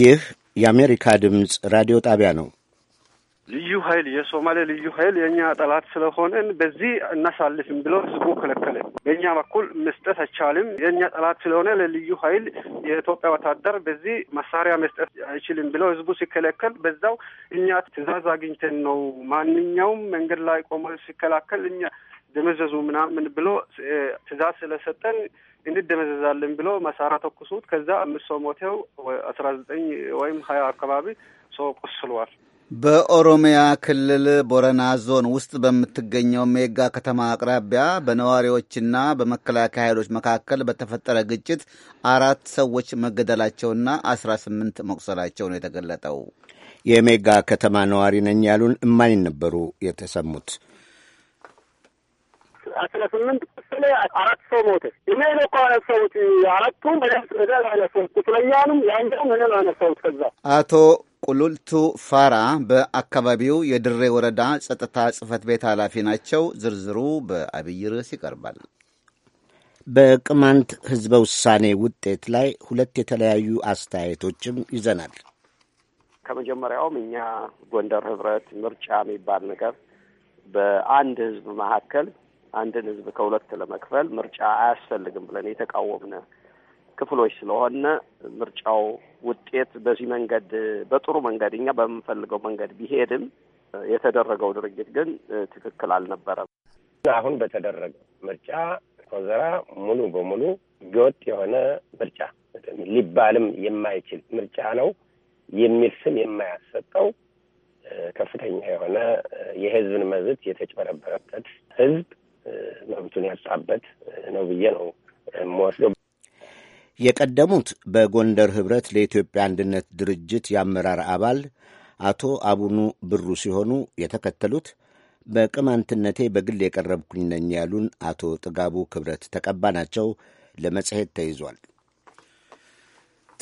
ይህ የአሜሪካ ድምፅ ራዲዮ ጣቢያ ነው። ልዩ ኃይል የሶማሌ ልዩ ኃይል የእኛ ጠላት ስለሆነን በዚህ እናሳልፍም ብሎ ህዝቡ ከለከለ። በእኛ በኩል መስጠት አይቻልም፣ የእኛ ጠላት ስለሆነ ለልዩ ኃይል የኢትዮጵያ ወታደር በዚህ መሳሪያ መስጠት አይችልም ብሎ ህዝቡ ሲከለከል፣ በዛው እኛ ትእዛዝ አግኝተን ነው ማንኛውም መንገድ ላይ ቆመ ሲከላከል እኛ ደመዘዙ ምናምን ብሎ ትእዛዝ ስለሰጠን እንደመዘዛለን ብሎ መሳራ ተኩሱት። ከዛ አምስት ሰው ሞተው አስራ ዘጠኝ ወይም ሀያ አካባቢ ሰው ቆስሏል። በኦሮሚያ ክልል ቦረና ዞን ውስጥ በምትገኘው ሜጋ ከተማ አቅራቢያ በነዋሪዎችና በመከላከያ ኃይሎች መካከል በተፈጠረ ግጭት አራት ሰዎች መገደላቸውና አስራ ስምንት መቁሰላቸው ነው የተገለጠው። የሜጋ ከተማ ነዋሪ ነኝ ያሉን እማኝ ነበሩ የተሰሙት አስራ ስምንት ቆሰለ፣ አራት ሰው ሞተ። እኔ ነው እኮ ያነሳሁት። አራቱም እኔ ነው ያነሳሁት። ቁስለኛውንም ያንደውም እኔ ነው ያነሳሁት። ከዛ አቶ ቁሉልቱ ፋራ በአካባቢው የድሬ ወረዳ ጸጥታ ጽሕፈት ቤት ኃላፊ ናቸው። ዝርዝሩ በአብይ ርዕስ ይቀርባል። በቅማንት ህዝበ ውሳኔ ውጤት ላይ ሁለት የተለያዩ አስተያየቶችም ይዘናል። ከመጀመሪያውም እኛ ጎንደር ህብረት ምርጫ የሚባል ነገር በአንድ ህዝብ መካከል አንድን ህዝብ ከሁለት ለመክፈል ምርጫ አያስፈልግም ብለን የተቃወምነ ክፍሎች ስለሆነ ምርጫው ውጤት በዚህ መንገድ በጥሩ መንገድ እኛ በምንፈልገው መንገድ ቢሄድም የተደረገው ድርጊት ግን ትክክል አልነበረም። አሁን በተደረገው ምርጫ ኮዘራ ሙሉ በሙሉ ህገወጥ የሆነ ምርጫ ሊባልም የማይችል ምርጫ ነው የሚል ስም የማያሰጠው ከፍተኛ የሆነ የህዝብን መብት የተጭበረበረበት ህዝብ መብቱን ያጣበት ነው ብዬ ነው የምወስደው። የቀደሙት በጎንደር ህብረት ለኢትዮጵያ አንድነት ድርጅት የአመራር አባል አቶ አቡኑ ብሩ ሲሆኑ የተከተሉት በቅማንትነቴ በግል የቀረብኩኝ ነኝ ያሉን አቶ ጥጋቡ ክብረት ተቀባ ናቸው። ለመጽሔት ተይዟል።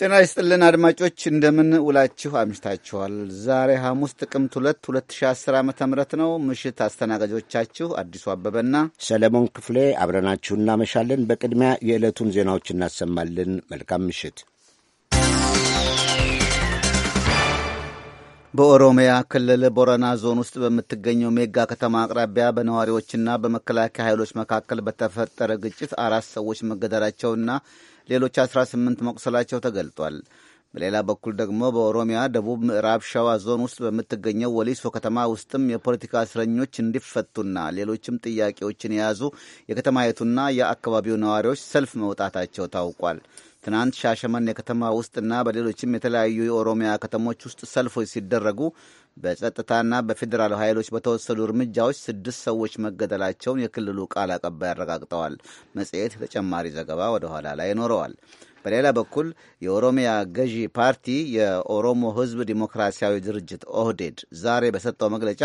ጤና ይስጥልን አድማጮች፣ እንደምን ውላችሁ አምሽታችኋል። ዛሬ ሐሙስ ጥቅምት 2 2010 ዓ ም ነው። ምሽት አስተናጋጆቻችሁ አዲሱ አበበና ሰለሞን ክፍሌ አብረናችሁ እናመሻለን። በቅድሚያ የዕለቱን ዜናዎች እናሰማልን። መልካም ምሽት። በኦሮሚያ ክልል ቦረና ዞን ውስጥ በምትገኘው ሜጋ ከተማ አቅራቢያ በነዋሪዎችና በመከላከያ ኃይሎች መካከል በተፈጠረ ግጭት አራት ሰዎች መገደላቸውና ሌሎች 18 መቁሰላቸው ተገልጧል። በሌላ በኩል ደግሞ በኦሮሚያ ደቡብ ምዕራብ ሸዋ ዞን ውስጥ በምትገኘው ወሊሶ ከተማ ውስጥም የፖለቲካ እስረኞች እንዲፈቱና ሌሎችም ጥያቄዎችን የያዙ የከተማይቱና የአካባቢው ነዋሪዎች ሰልፍ መውጣታቸው ታውቋል። ትናንት ሻሸመኔ ከተማ ውስጥና በሌሎችም የተለያዩ የኦሮሚያ ከተሞች ውስጥ ሰልፎች ሲደረጉ በጸጥታና በፌዴራል ኃይሎች በተወሰዱ እርምጃዎች ስድስት ሰዎች መገደላቸውን የክልሉ ቃል አቀባይ አረጋግጠዋል። መጽሔት ተጨማሪ ዘገባ ወደ ኋላ ላይ ይኖረዋል። በሌላ በኩል የኦሮሚያ ገዢ ፓርቲ የኦሮሞ ሕዝብ ዲሞክራሲያዊ ድርጅት ኦህዴድ ዛሬ በሰጠው መግለጫ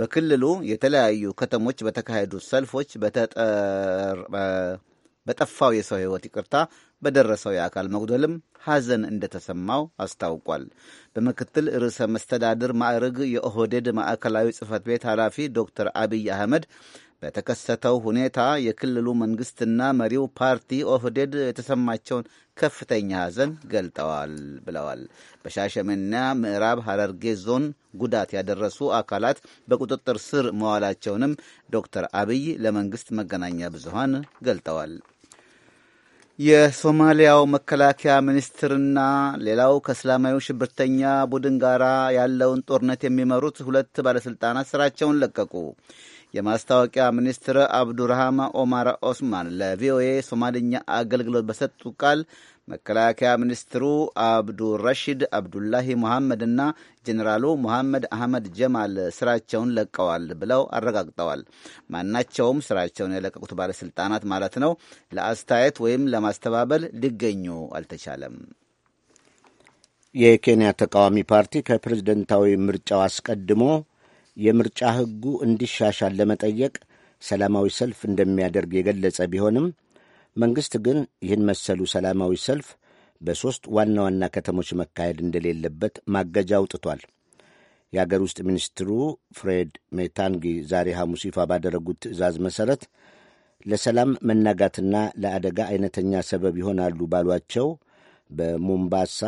በክልሉ የተለያዩ ከተሞች በተካሄዱ ሰልፎች በጠፋው የሰው ሕይወት ይቅርታ በደረሰው የአካል መጉደልም ሐዘን እንደተሰማው አስታውቋል። በምክትል ርዕሰ መስተዳድር ማዕረግ የኦህዴድ ማዕከላዊ ጽህፈት ቤት ኃላፊ ዶክተር አብይ አህመድ በተከሰተው ሁኔታ የክልሉ መንግስትና መሪው ፓርቲ ኦህዴድ የተሰማቸውን ከፍተኛ ሐዘን ገልጠዋል ብለዋል። በሻሸመና ምዕራብ ሐረርጌ ዞን ጉዳት ያደረሱ አካላት በቁጥጥር ስር መዋላቸውንም ዶክተር አብይ ለመንግስት መገናኛ ብዙሃን ገልጠዋል። የሶማሊያው መከላከያ ሚኒስትርና ሌላው ከእስላማዊ ሽብርተኛ ቡድን ጋር ያለውን ጦርነት የሚመሩት ሁለት ባለሥልጣናት ስራቸውን ለቀቁ። የማስታወቂያ ሚኒስትር አብዱርሃማ ኦማር ኦስማን ለቪኦኤ ሶማልኛ አገልግሎት በሰጡ ቃል መከላከያ ሚኒስትሩ አብዱራሽድ አብዱላሂ መሐመድና ጀኔራሉ መሐመድ አህመድ ጀማል ስራቸውን ለቀዋል ብለው አረጋግጠዋል። ማናቸውም ስራቸውን የለቀቁት ባለስልጣናት ማለት ነው ለአስተያየት ወይም ለማስተባበል ሊገኙ አልተቻለም። የኬንያ ተቃዋሚ ፓርቲ ከፕሬዝደንታዊ ምርጫው አስቀድሞ የምርጫ ሕጉ እንዲሻሻል ለመጠየቅ ሰላማዊ ሰልፍ እንደሚያደርግ የገለጸ ቢሆንም መንግሥት ግን ይህን መሰሉ ሰላማዊ ሰልፍ በሦስት ዋና ዋና ከተሞች መካሄድ እንደሌለበት ማገጃ አውጥቷል። የአገር ውስጥ ሚኒስትሩ ፍሬድ ሜታንጊ ዛሬ ሐሙስ ይፋ ባደረጉት ትዕዛዝ መሠረት ለሰላም መናጋትና ለአደጋ አይነተኛ ሰበብ ይሆናሉ ባሏቸው በሞምባሳ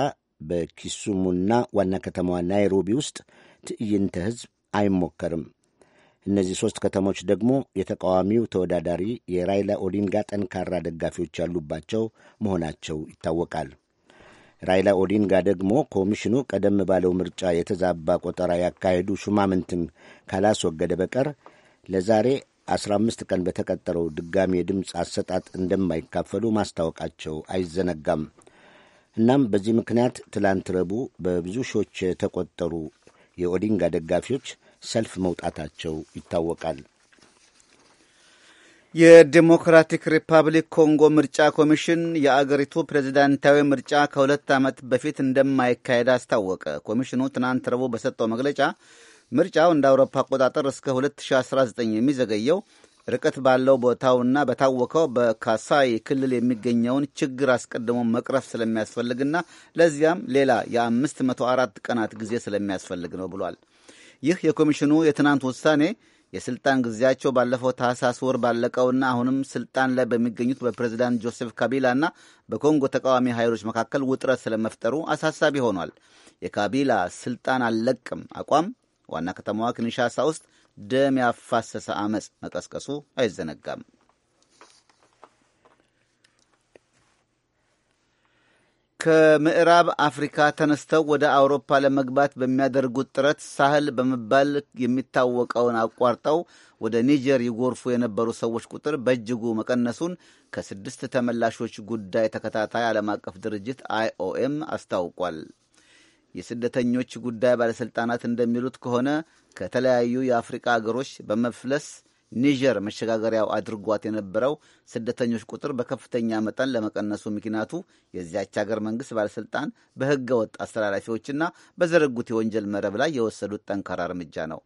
በኪሱሙና ዋና ከተማዋ ናይሮቢ ውስጥ ትዕይንተ ሕዝብ አይሞከርም። እነዚህ ሦስት ከተሞች ደግሞ የተቃዋሚው ተወዳዳሪ የራይላ ኦዲንጋ ጠንካራ ደጋፊዎች ያሉባቸው መሆናቸው ይታወቃል። ራይላ ኦዲንጋ ደግሞ ኮሚሽኑ ቀደም ባለው ምርጫ የተዛባ ቆጠራ ያካሄዱ ሹማምንትን ካላስወገደ በቀር ለዛሬ 15 ቀን በተቀጠረው ድጋሚ የድምፅ አሰጣጥ እንደማይካፈሉ ማስታወቃቸው አይዘነጋም። እናም በዚህ ምክንያት ትላንት ረቡዕ በብዙ ሺዎች የተቆጠሩ የኦዲንጋ ደጋፊዎች ሰልፍ መውጣታቸው ይታወቃል። የዲሞክራቲክ ሪፐብሊክ ኮንጎ ምርጫ ኮሚሽን የአገሪቱ ፕሬዚዳንታዊ ምርጫ ከሁለት ዓመት በፊት እንደማይካሄድ አስታወቀ። ኮሚሽኑ ትናንት ረቡዕ በሰጠው መግለጫ ምርጫው እንደ አውሮፓ አቆጣጠር እስከ 2019 የሚዘገየው ርቀት ባለው ቦታውና በታወቀው በካሳይ ክልል የሚገኘውን ችግር አስቀድሞ መቅረፍ ስለሚያስፈልግና ለዚያም ሌላ የ504 ቀናት ጊዜ ስለሚያስፈልግ ነው ብሏል። ይህ የኮሚሽኑ የትናንት ውሳኔ የስልጣን ጊዜያቸው ባለፈው ታህሳስ ወር ባለቀውና አሁንም ስልጣን ላይ በሚገኙት በፕሬዚዳንት ጆሴፍ ካቢላና በኮንጎ ተቃዋሚ ኃይሎች መካከል ውጥረት ስለመፍጠሩ አሳሳቢ ሆኗል። የካቢላ ስልጣን አልለቅም አቋም ዋና ከተማዋ ኪንሻሳ ውስጥ ደም ያፋሰሰ አመፅ መቀስቀሱ አይዘነጋም። ከምዕራብ አፍሪካ ተነስተው ወደ አውሮፓ ለመግባት በሚያደርጉት ጥረት ሳህል በመባል የሚታወቀውን አቋርጠው ወደ ኒጀር ይጎርፉ የነበሩ ሰዎች ቁጥር በእጅጉ መቀነሱን ከስድስት ተመላሾች ጉዳይ ተከታታይ ዓለም አቀፍ ድርጅት አይኦኤም አስታውቋል። የስደተኞች ጉዳይ ባለሥልጣናት እንደሚሉት ከሆነ ከተለያዩ የአፍሪቃ አገሮች በመፍለስ ኒጀር መሸጋገሪያው አድርጓት የነበረው ስደተኞች ቁጥር በከፍተኛ መጠን ለመቀነሱ ምክንያቱ የዚያች ሀገር መንግሥት ባለሥልጣን በሕገ ወጥ አስተላላፊዎችና በዘረጉት የወንጀል መረብ ላይ የወሰዱት ጠንካራ እርምጃ ነው።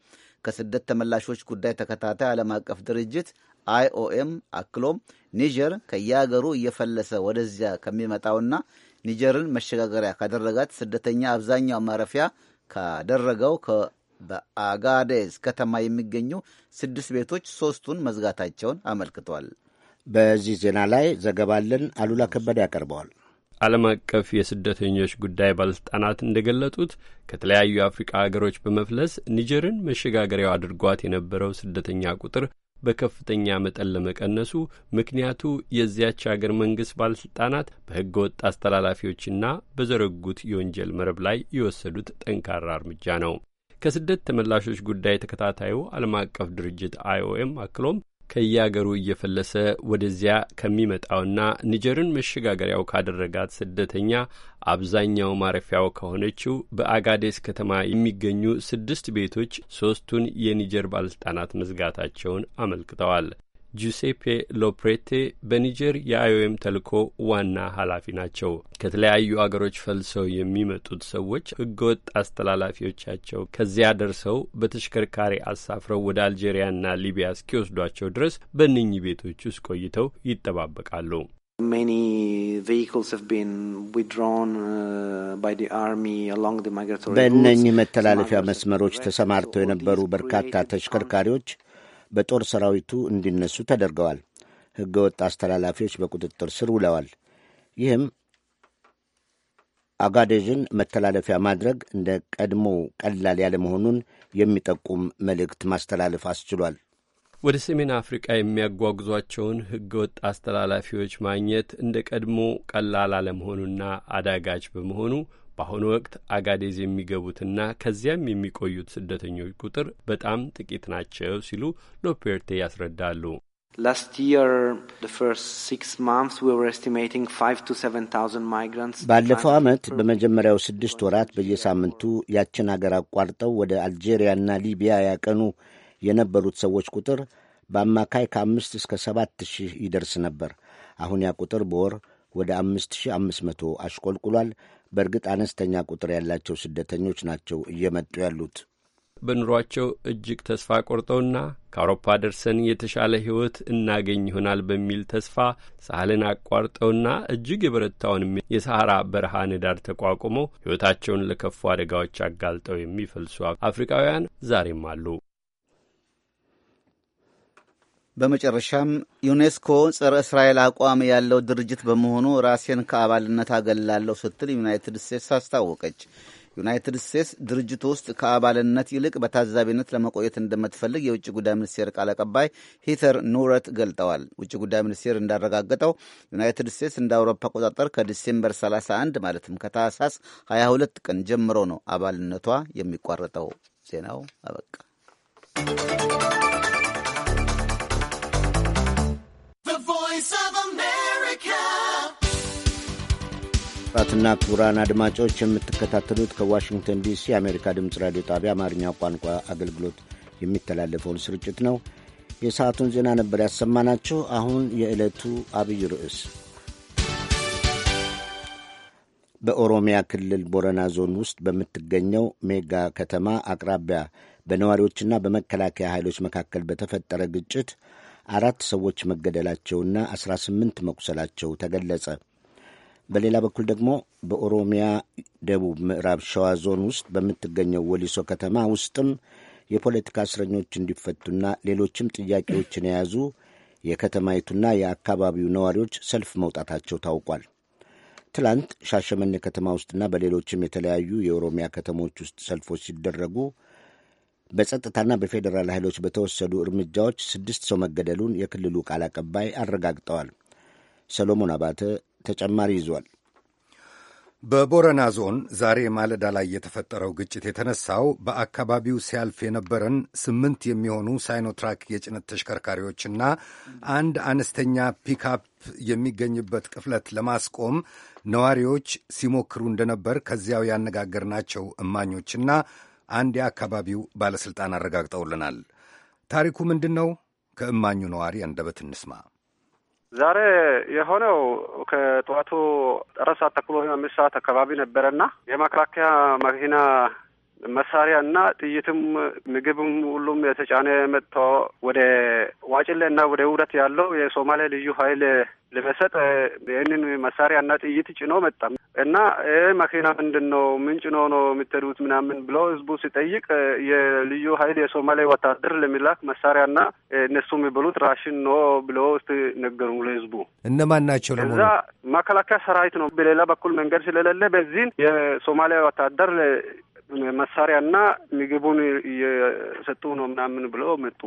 ከስደት ተመላሾች ጉዳይ ተከታታይ ዓለም አቀፍ ድርጅት አይኦኤም አክሎም ኒጀር ከየሀገሩ እየፈለሰ ወደዚያ ከሚመጣውና ኒጀርን መሸጋገሪያ ካደረጋት ስደተኛ አብዛኛው ማረፊያ ካደረገው በአጋዴዝ ከተማ የሚገኙ ስድስት ቤቶች ሶስቱን መዝጋታቸውን አመልክቷል። በዚህ ዜና ላይ ዘገባለን አሉላ ከበደ ያቀርበዋል። ዓለም አቀፍ የስደተኞች ጉዳይ ባለስልጣናት ገለጡት ከተለያዩ የአፍሪቃ ሀገሮች በመፍለስ ኒጀርን መሸጋገሪያው አድርጓት የነበረው ስደተኛ ቁጥር በከፍተኛ መጠን ለመቀነሱ ምክንያቱ የዚያች አገር መንግስት ባለሥልጣናት በሕገ ወጥ አስተላላፊዎችና በዘረጉት የወንጀል መረብ ላይ የወሰዱት ጠንካራ እርምጃ ነው። ከስደት ተመላሾች ጉዳይ ተከታታዩ ዓለም አቀፍ ድርጅት አይኦኤም አክሎም ከየአገሩ እየፈለሰ ወደዚያ ከሚመጣውና ኒጀርን መሸጋገሪያው ካደረጋት ስደተኛ አብዛኛው ማረፊያው ከሆነችው በአጋዴስ ከተማ የሚገኙ ስድስት ቤቶች ሶስቱን የኒጀር ባለስልጣናት መዝጋታቸውን አመልክተዋል። ጁሴፔ ሎፕሬቴ በኒጀር የአይኦኤም ተልእኮ ዋና ኃላፊ ናቸው። ከተለያዩ አገሮች ፈልሰው የሚመጡት ሰዎች ህገወጥ አስተላላፊዎቻቸው ከዚያ ደርሰው በተሽከርካሪ አሳፍረው ወደ አልጄሪያና ሊቢያ እስኪወስዷቸው ድረስ በእነኚ ቤቶች ውስጥ ቆይተው ይጠባበቃሉ። Many vehicles have been withdrawn uh, by the army along the migratory በእነኚህ መተላለፊያ መስመሮች ተሰማርተው የነበሩ በርካታ ተሽከርካሪዎች በጦር ሰራዊቱ እንዲነሱ ተደርገዋል። ወጥ አስተላላፊዎች በቁጥጥር ስር ውለዋል። ይህም አጋዴዥን መተላለፊያ ማድረግ እንደ ቀድሞ ቀላል ያለመሆኑን የሚጠቁም መልእክት ማስተላለፍ አስችሏል። ወደ ሰሜን አፍሪቃ የሚያጓጉዟቸውን ወጥ አስተላላፊዎች ማግኘት እንደ ቀድሞ ቀላል አለመሆኑና አዳጋች በመሆኑ በአሁኑ ወቅት አጋዴዝ የሚገቡትና ከዚያም የሚቆዩት ስደተኞች ቁጥር በጣም ጥቂት ናቸው ሲሉ ሎፔርቴ ያስረዳሉ። ባለፈው ዓመት በመጀመሪያው ስድስት ወራት በየሳምንቱ ያችን አገር አቋርጠው ወደ አልጄሪያና ሊቢያ ያቀኑ የነበሩት ሰዎች ቁጥር በአማካይ ከአምስት እስከ ሰባት ሺህ ይደርስ ነበር። አሁን ያ ቁጥር በወር ወደ አምስት ሺህ አምስት መቶ አሽቆልቁሏል። በእርግጥ አነስተኛ ቁጥር ያላቸው ስደተኞች ናቸው እየመጡ ያሉት። በኑሯቸው እጅግ ተስፋ ቆርጠውና ከአውሮፓ ደርሰን የተሻለ ሕይወት እናገኝ ይሆናል በሚል ተስፋ ሳህልን አቋርጠውና እጅግ የበረታውንም የሰሐራ በረሃ ንዳድ ተቋቁመው ሕይወታቸውን ለከፉ አደጋዎች አጋልጠው የሚፈልሱ አፍሪካውያን ዛሬም አሉ። በመጨረሻም ዩኔስኮ ጸረ እስራኤል አቋም ያለው ድርጅት በመሆኑ ራሴን ከአባልነት አገላለሁ ስትል ዩናይትድ ስቴትስ አስታወቀች። ዩናይትድ ስቴትስ ድርጅቱ ውስጥ ከአባልነት ይልቅ በታዛቢነት ለመቆየት እንደምትፈልግ የውጭ ጉዳይ ሚኒስቴር ቃል አቀባይ ሂተር ኑረት ገልጠዋል። ውጭ ጉዳይ ሚኒስቴር እንዳረጋገጠው ዩናይትድ ስቴትስ እንደ አውሮፓ አቆጣጠር ከዲሴምበር 31 ማለትም ከታህሳስ 22 ቀን ጀምሮ ነው አባልነቷ የሚቋረጠው። ዜናው አበቃ። ክቡራትና ክቡራን አድማጮች የምትከታተሉት ከዋሽንግተን ዲሲ የአሜሪካ ድምፅ ራዲዮ ጣቢያ አማርኛ ቋንቋ አገልግሎት የሚተላለፈውን ስርጭት ነው። የሰዓቱን ዜና ነበር ያሰማናችሁ። አሁን የዕለቱ አብይ ርዕስ በኦሮሚያ ክልል ቦረና ዞን ውስጥ በምትገኘው ሜጋ ከተማ አቅራቢያ በነዋሪዎችና በመከላከያ ኃይሎች መካከል በተፈጠረ ግጭት አራት ሰዎች መገደላቸውና 18 መቁሰላቸው ተገለጸ። በሌላ በኩል ደግሞ በኦሮሚያ ደቡብ ምዕራብ ሸዋ ዞን ውስጥ በምትገኘው ወሊሶ ከተማ ውስጥም የፖለቲካ እስረኞች እንዲፈቱና ሌሎችም ጥያቄዎችን የያዙ የከተማይቱና የአካባቢው ነዋሪዎች ሰልፍ መውጣታቸው ታውቋል። ትላንት ሻሸመኔ ከተማ ውስጥና በሌሎችም የተለያዩ የኦሮሚያ ከተሞች ውስጥ ሰልፎች ሲደረጉ በጸጥታና በፌዴራል ኃይሎች በተወሰዱ እርምጃዎች ስድስት ሰው መገደሉን የክልሉ ቃል አቀባይ አረጋግጠዋል። ሰሎሞን አባተ ተጨማሪ ይዟል። በቦረና ዞን ዛሬ ማለዳ ላይ የተፈጠረው ግጭት የተነሳው በአካባቢው ሲያልፍ የነበረን ስምንት የሚሆኑ ሳይኖትራክ የጭነት ተሽከርካሪዎችና አንድ አነስተኛ ፒክአፕ የሚገኝበት ቅፍለት ለማስቆም ነዋሪዎች ሲሞክሩ እንደነበር ከዚያው ያነጋገርናቸው እማኞችና አንድ የአካባቢው ባለሥልጣን አረጋግጠውልናል። ታሪኩ ምንድን ነው? ከእማኙ ነዋሪ አንደበት እንስማ። ዛሬ የሆነው ከጠዋቱ ጠረሳ ተኩሎ ተኩል ወይም አምስት ሰዓት አካባቢ ነበረና የመከላከያ መኪና መሳሪያና ጥይትም ምግብም ሁሉም የተጫነ መጥቶ ወደ ዋጭሌ እና ወደ ውረት ያለው የሶማሌ ልዩ ኃይል ልበሰጥ ይህንን መሳሪያና ጥይት ጭኖ መጣ እና ይህ መኪና ምንድን ነው? ምን ጭኖ ነው የምትሄዱት? ምናምን ብሎ ህዝቡ ሲጠይቅ የልዩ ኃይል የሶማሌ ወታደር ለሚላክ መሳሪያና እነሱ የሚበሉት ራሽን ነው ብሎ ስ ነገሩ ለህዝቡ። እነማን ናቸው? እዛ መከላከያ ሰራዊት ነው። በሌላ በኩል መንገድ ስለሌለ በዚህን የሶማሊያ ወታደር መሳሪያና ምግቡን እየሰጡ ነው ምናምን ብለው መጡ።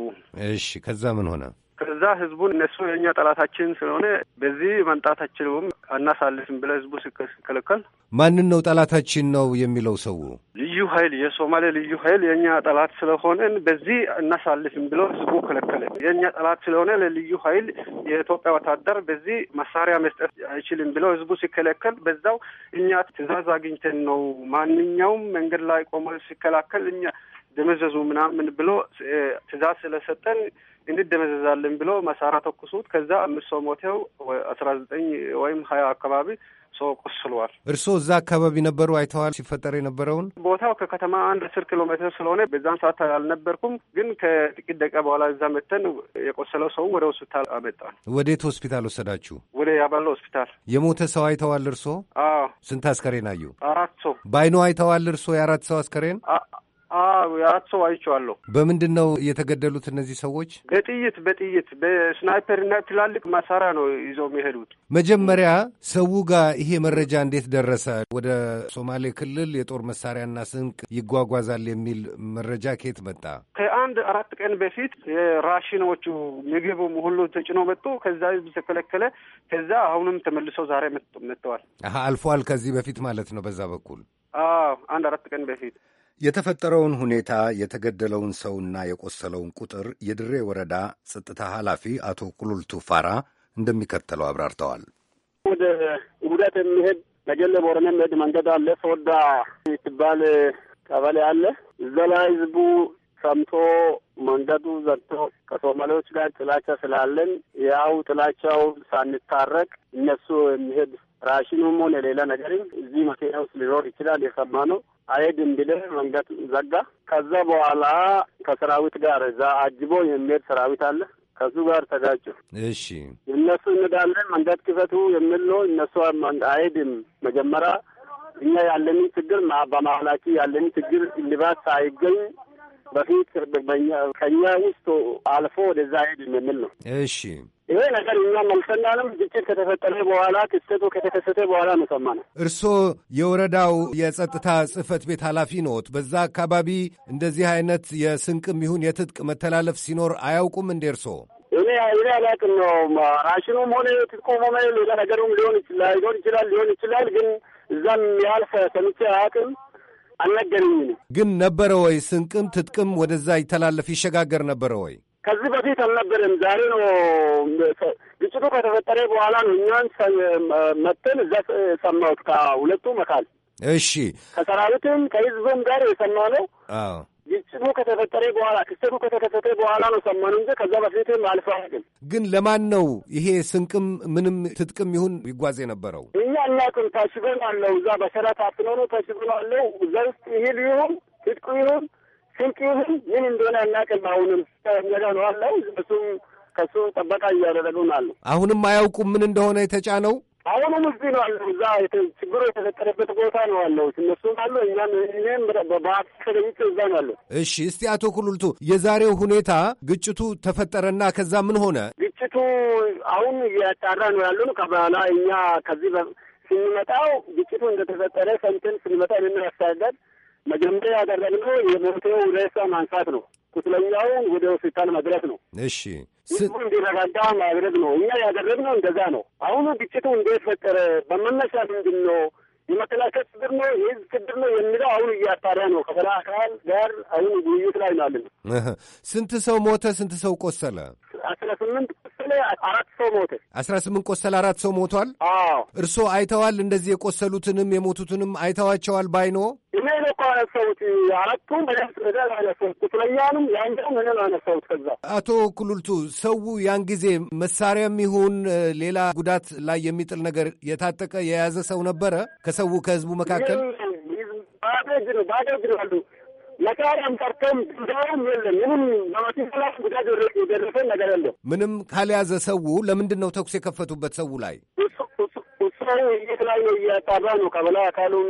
እሺ፣ ከዛ ምን ሆነ? ከዛ ህዝቡን እነሱ የኛ ጠላታችን ስለሆነ በዚህ መምጣታችንም አናሳልፍም ብለ ህዝቡ ሲከለከል ማንን ነው ጠላታችን ነው የሚለው ሰው ልዩ ኃይል የሶማሌ ልዩ ኃይል የእኛ ጠላት ስለሆነን በዚህ እናሳልፍም ብለው ህዝቡ ከለከለ። የእኛ ጠላት ስለሆነ ለልዩ ኃይል የኢትዮጵያ ወታደር በዚህ መሳሪያ መስጠት አይችልም ብለው ህዝቡ ሲከለከል፣ በዛው እኛ ትእዛዝ አግኝተን ነው ማንኛውም መንገድ ላይ ቆመ ሲከላከል እኛ ደመዘዙ ምናምን ብሎ ትእዛዝ ስለሰጠን እንደመዘዛለን ብሎ መሳራ ተኩሱት። ከዛ አምስት ሰው ሞተው አስራ ዘጠኝ ወይም ሀያ አካባቢ ሰው ቆስሏል። እርስዎ እዛ አካባቢ ነበሩ? አይተዋል ሲፈጠር የነበረውን? ቦታው ከከተማ አንድ አስር ኪሎ ሜትር ስለሆነ በዛን ሰዓት አልነበርኩም፣ ግን ከጥቂት ደቂቃ በኋላ እዛ መተን የቆሰለው ሰው ወደ ሆስፒታል አመጣን። ወዴት ሆስፒታል ወሰዳችሁ? ወደ ያባለ ሆስፒታል። የሞተ ሰው አይተዋል እርስዎ? አዎ። ስንት አስከሬን አዩ? አራት ሰው። በአይኑ አይተዋል እርስዎ የአራት ሰው አስከሬን? አራት ሰው አይቼዋለሁ። በምንድን ነው የተገደሉት እነዚህ ሰዎች? በጥይት በጥይት በስናይፐር ና ትላልቅ መሳሪያ ነው ይዘው የሚሄዱት። መጀመሪያ ሰው ጋር ይሄ መረጃ እንዴት ደረሰ? ወደ ሶማሌ ክልል የጦር መሳሪያና ስንቅ ይጓጓዛል የሚል መረጃ ከየት መጣ? ከአንድ አራት ቀን በፊት የራሽኖቹ ምግብም ሁሉ ተጭኖ መጡ። ከዛ ተከለከለ። ከዛ አሁንም ተመልሰው ዛሬ መጥተዋል። አልፏል። ከዚህ በፊት ማለት ነው በዛ በኩል አንድ አራት ቀን በፊት የተፈጠረውን ሁኔታ የተገደለውን ሰውና የቆሰለውን ቁጥር የድሬ ወረዳ ጸጥታ ኃላፊ አቶ ቁሉልቱ ፋራ እንደሚከተለው አብራርተዋል። ወደ ጉዳት የሚሄድ ነገሌ ቦረና የሚሄድ መንገድ አለ። ሶወዳ የምትባል ቀበሌ አለ። እዛ ላይ ህዝቡ ሰምቶ መንገዱ ዘግቶ ከሶማሌዎች ጋር ጥላቻ ስላለን ያው ጥላቻው ሳንታረቅ እነሱ የሚሄድ ራሽኑም ሆነ ሌላ ነገርም እዚህ መኪና ውስጥ ሊኖር ይችላል። የሰማ ነው አይሄድም ብለህ መንገድ ዘጋ። ከዛ በኋላ ከሰራዊት ጋር እዛ አጅቦ የሚሄድ ሰራዊት አለ። ከሱ ጋር ተጋጩ። እሺ እነሱ እንዳለን መንገድ ክፈቱ የሚል ነው። እነሱ አይሄድም። መጀመሪያ እኛ ያለን ችግር በመሀላችን ያለን ችግር እልባት ሳይገኝ በፊት ከኛ ውስጥ አልፎ ወደዛ አይሄድም የሚል ነው። እሺ ይሄ ነገር እኛ አልሰማንም። ግጭት ከተፈጠረ በኋላ ክስተቱ ከተከሰተ በኋላ ነው ሰማነው። እርስዎ የወረዳው የጸጥታ ጽህፈት ቤት ኃላፊ ኖት። በዛ አካባቢ እንደዚህ አይነት የስንቅም ይሁን የትጥቅ መተላለፍ ሲኖር አያውቁም እንዴ እርስዎ? እኔ እኔ አላውቅም ነው ራሽኑም ሆነ ትጥቁም ሆነ ሌላ ነገሩም ሊሆን ይችላል ሊሆን ይችላል ሊሆን ይችላል ግን እዛም ያህል ሰምቼ አያውቅም አልነገረኝም። ግን ነበረ ወይ ስንቅም ትጥቅም ወደዛ ይተላለፍ ይሸጋገር ነበረ ወይ? ከዚህ በፊት አልነበረም። ዛሬ ነው ግጭቱ ከተፈጠረ በኋላ ነው እኛን መጥተን እዛ ሰማሁት ከሁለቱ መካል። እሺ፣ ከሰራዊትም ከህዝቡም ጋር የሰማ ነው። ግጭቱ ከተፈጠረ በኋላ ክስተቱ ከተከሰተ በኋላ ነው ሰማኑ እንጂ ከዛ በፊትም አልፈግም። ግን ለማን ነው ይሄ ስንቅም ምንም ትጥቅም ይሁን ይጓዝ የነበረው? እኛ እናቅም። ታሽበን አለው እዛ በሰራ ታፍኖ ነው ታሽጎ አለው እዛ ውስጥ ይህል ይሁን ትጥቁ ይሁን ፍንጩህም ምን እንደሆነ አናውቅም። አሁንም እኛ ነው አለው እሱም ከሱ ጠበቃ እያደረጉን አሉ። አሁንም አያውቁም ምን እንደሆነ የተጫነው። አሁንም እዚህ ነው አለው። እዛ ችግሩ የተፈጠረበት ቦታ ነው አለው። እነሱም አሉ እኛም ይህም በባህር እዛ ነው አለው። እሺ እስቲ አቶ ኩሉልቱ የዛሬው ሁኔታ ግጭቱ ተፈጠረና ከዛ ምን ሆነ? ግጭቱ አሁን እያጣራ ነው ያሉን ከበኋላ እኛ ከዚህ ስንመጣው ግጭቱ እንደተፈጠረ ሰምተን ስንመጣ ያንን ያስተዳደር መጀመሪያ ያደረግነው የሞተው ሬሳ ማንሳት ነው። ቁስለኛው ወደ ሆስፒታል መድረስ ነው። እሺ ህዝቡ እንዲረጋጋ ማድረግ ነው። እኛ ያደረግነው እንደዛ ነው። አሁኑ ግጭቱ እንዴት ፈጠረ? በመነሻ ምንድን ነው? የመከላከል ችግር ነው? የህዝብ ችግር ነው የሚለው አሁን እያጣራ ነው። ከበላ አካል ጋር አሁን ውይይት ላይ ነው ናለን። ስንት ሰው ሞተ? ስንት ሰው ቆሰለ? አስራ ስምንት ቆሰለ፣ አራት ሰው ሞተ። አስራ ስምንት ቆሰለ፣ አራት ሰው ሞቷል። አዎ እርስዎ አይተዋል? እንደዚህ የቆሰሉትንም የሞቱትንም አይተዋቸዋል? ባይኖ እኔ ነው እኮ አነሳሁት። አራቱም በደንብ አነሳሁት። ቁስለኛንም ያኛውም እኔ አነሳሁት። ከዛ አቶ ኩሉልቱ ሰው ያን ጊዜ መሳሪያም ይሁን ሌላ ጉዳት ላይ የሚጥል ነገር የታጠቀ የያዘ ሰው ነበረ ከሰው ከህዝቡ መካከል ባደግ ነው ባደግ ነው አሉ ለቃሪያም ቀርቶም ድንጋዩም የለም። ምንም በመኪና ላይ ጉዳት የደረሰ ነገር የለም። ምንም ካልያዘ ሰው ለምንድን ነው ተኩስ የከፈቱበት ሰው ላይ? ሰው ውይይት ነው እያጣራ ነው። ከበላይ አካሉም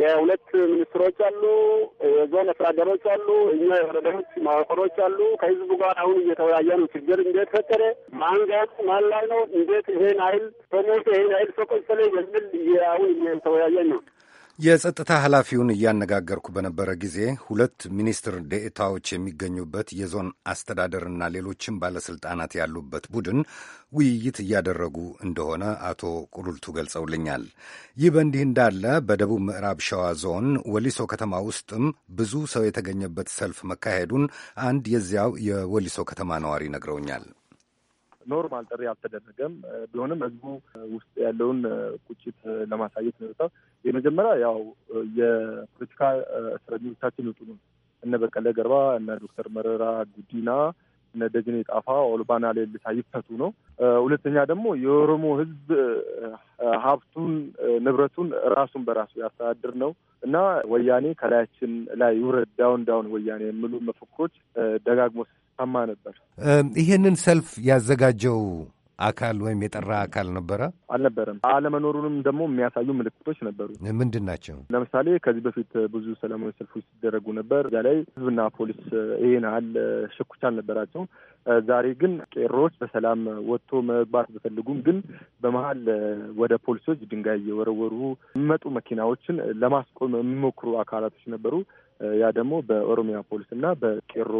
የሁለት ሚኒስትሮች አሉ፣ የዞን አስተዳደሮች አሉ፣ እኛ የወረዳዎች ማወቀሮች አሉ። ከህዝቡ ጋር አሁን እየተወያየ ነው። ችግር እንዴት ፈጠረ? ማን ማን ላይ ነው? እንዴት ይሄን አይል ቶሞት ይሄን አይል ሰቆች ተለይ በሚል አሁን እየተወያየ ነው። የጸጥታ ኃላፊውን እያነጋገርኩ በነበረ ጊዜ ሁለት ሚኒስትር ዴኤታዎች የሚገኙበት የዞን አስተዳደርና ሌሎችም ባለሥልጣናት ያሉበት ቡድን ውይይት እያደረጉ እንደሆነ አቶ ቁሉልቱ ገልጸውልኛል። ይህ በእንዲህ እንዳለ በደቡብ ምዕራብ ሸዋ ዞን ወሊሶ ከተማ ውስጥም ብዙ ሰው የተገኘበት ሰልፍ መካሄዱን አንድ የዚያው የወሊሶ ከተማ ነዋሪ ነግረውኛል። ኖርማል ጥሪ አልተደረገም። ቢሆንም ህዝቡ ውስጥ ያለውን ቁጭት ለማሳየት ነው የመጀመሪያ ያው የፖለቲካ እስረኞቻችን ይውጡ ነው። እነ በቀለ ገርባ፣ እነ ዶክተር መረራ ጉዲና፣ እነ ደጀኔ ጣፋ፣ ኦልባና ሌልሳ ይፈቱ ነው። ሁለተኛ ደግሞ የኦሮሞ ህዝብ ሀብቱን ንብረቱን ራሱን በራሱ ያስተዳድር ነው እና ወያኔ ከላያችን ላይ ይውረድ፣ ዳውን ዳውን ወያኔ የሚሉ መፈክሮች ደጋግሞ ሰማ ነበር። ይህንን ሰልፍ ያዘጋጀው አካል ወይም የጠራ አካል ነበረ አልነበረም። አለመኖሩንም ደግሞ የሚያሳዩ ምልክቶች ነበሩ። ምንድን ናቸው? ለምሳሌ ከዚህ በፊት ብዙ ሰላማዊ ሰልፎች ሲደረጉ ነበር። እዚያ ላይ ህዝብና ፖሊስ ይሄን ያህል ሽኩቻ አልነበራቸው። ዛሬ ግን ቄሮዎች በሰላም ወጥቶ መግባት ቢፈልጉም ግን በመሀል ወደ ፖሊሶች ድንጋይ እየወረወሩ የሚመጡ መኪናዎችን ለማስቆም የሚሞክሩ አካላቶች ነበሩ። ያ ደግሞ በኦሮሚያ ፖሊስ እና በቄሮ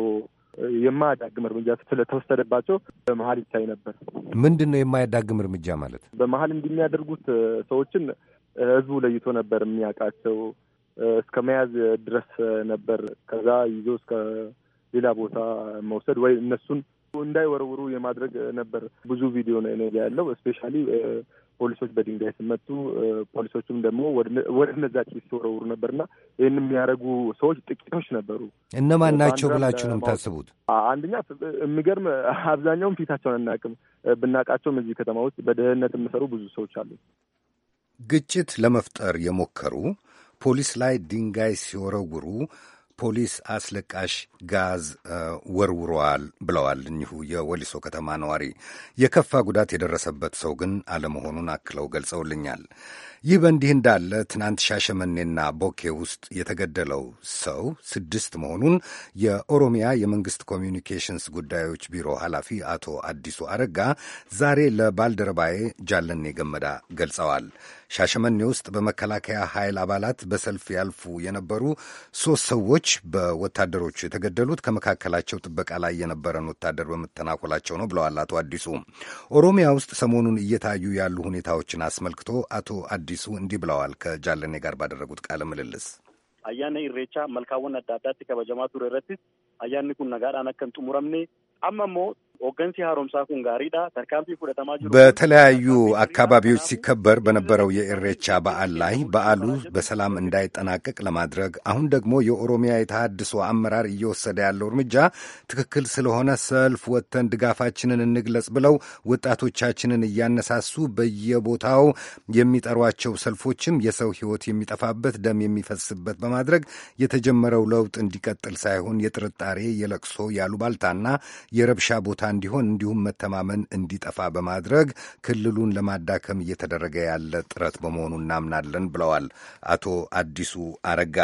የማያዳግም እርምጃ ስለተወሰደባቸው በመሀል ይታይ ነበር። ምንድን ነው የማያዳግም እርምጃ ማለት? በመሀል እንደሚያደርጉት ሰዎችን ህዝቡ ለይቶ ነበር የሚያውቃቸው እስከ መያዝ ድረስ ነበር። ከዛ ይዞ እስከ ሌላ ቦታ መውሰድ ወይ እነሱን እንዳይወረውሩ የማድረግ ነበር። ብዙ ቪዲዮ ነው ያለው። ስፔሻሊ ፖሊሶች በድንጋይ ሲመቱ፣ ፖሊሶቹም ደግሞ ወደ እነዛች ሲወረውሩ ነበርና ይህን የሚያደርጉ ሰዎች ጥቂቶች ነበሩ። እነማን ናቸው ብላችሁ ነው የምታስቡት? አንደኛ የሚገርም አብዛኛውን ፊታቸውን አናውቅም። ብናውቃቸውም እዚህ ከተማ ውስጥ በደህንነት የሚሰሩ ብዙ ሰዎች አሉ። ግጭት ለመፍጠር የሞከሩ ፖሊስ ላይ ድንጋይ ሲወረውሩ ፖሊስ አስለቃሽ ጋዝ ወርውረዋል ብለዋል እኚሁ የወሊሶ ከተማ ነዋሪ። የከፋ ጉዳት የደረሰበት ሰው ግን አለመሆኑን አክለው ገልጸውልኛል። ይህ በእንዲህ እንዳለ ትናንት ሻሸመኔና ቦኬ ውስጥ የተገደለው ሰው ስድስት መሆኑን የኦሮሚያ የመንግስት ኮሚዩኒኬሽንስ ጉዳዮች ቢሮ ኃላፊ አቶ አዲሱ አረጋ ዛሬ ለባልደረባዬ ጃለኔ ገመዳ ገልጸዋል። ሻሸመኔ ውስጥ በመከላከያ ኃይል አባላት በሰልፍ ያልፉ የነበሩ ሦስት ሰዎች በወታደሮቹ የተገደሉት ከመካከላቸው ጥበቃ ላይ የነበረን ወታደር በመተናኮላቸው ነው ብለዋል አቶ አዲሱ። ኦሮሚያ ውስጥ ሰሞኑን እየታዩ ያሉ ሁኔታዎችን አስመልክቶ አቶ አዲሱ እንዲህ ብለዋል ከጃለኔ ጋር ባደረጉት ቃለ ምልልስ አያነ ኢሬቻ መልካወን አዳዳት ከበጀማ ቱረረትስ አያን ኩን ነጋዳን አከን ጡሙረምኔ አመሞ በተለያዩ አካባቢዎች ሲከበር በነበረው የኢሬቻ በዓል ላይ በዓሉ በሰላም እንዳይጠናቀቅ ለማድረግ አሁን ደግሞ የኦሮሚያ የተሃድሶ አመራር እየወሰደ ያለው እርምጃ ትክክል ስለሆነ ሰልፍ ወጥተን ድጋፋችንን እንግለጽ ብለው ወጣቶቻችንን እያነሳሱ በየቦታው የሚጠሯቸው ሰልፎችም የሰው ሕይወት የሚጠፋበት ደም የሚፈስበት በማድረግ የተጀመረው ለውጥ እንዲቀጥል ሳይሆን የጥርጣሬ የለቅሶ ያሉባልታና የረብሻ ቦታ ሁኔታ እንዲሆን እንዲሁም መተማመን እንዲጠፋ በማድረግ ክልሉን ለማዳከም እየተደረገ ያለ ጥረት በመሆኑ እናምናለን ብለዋል አቶ አዲሱ አረጋ።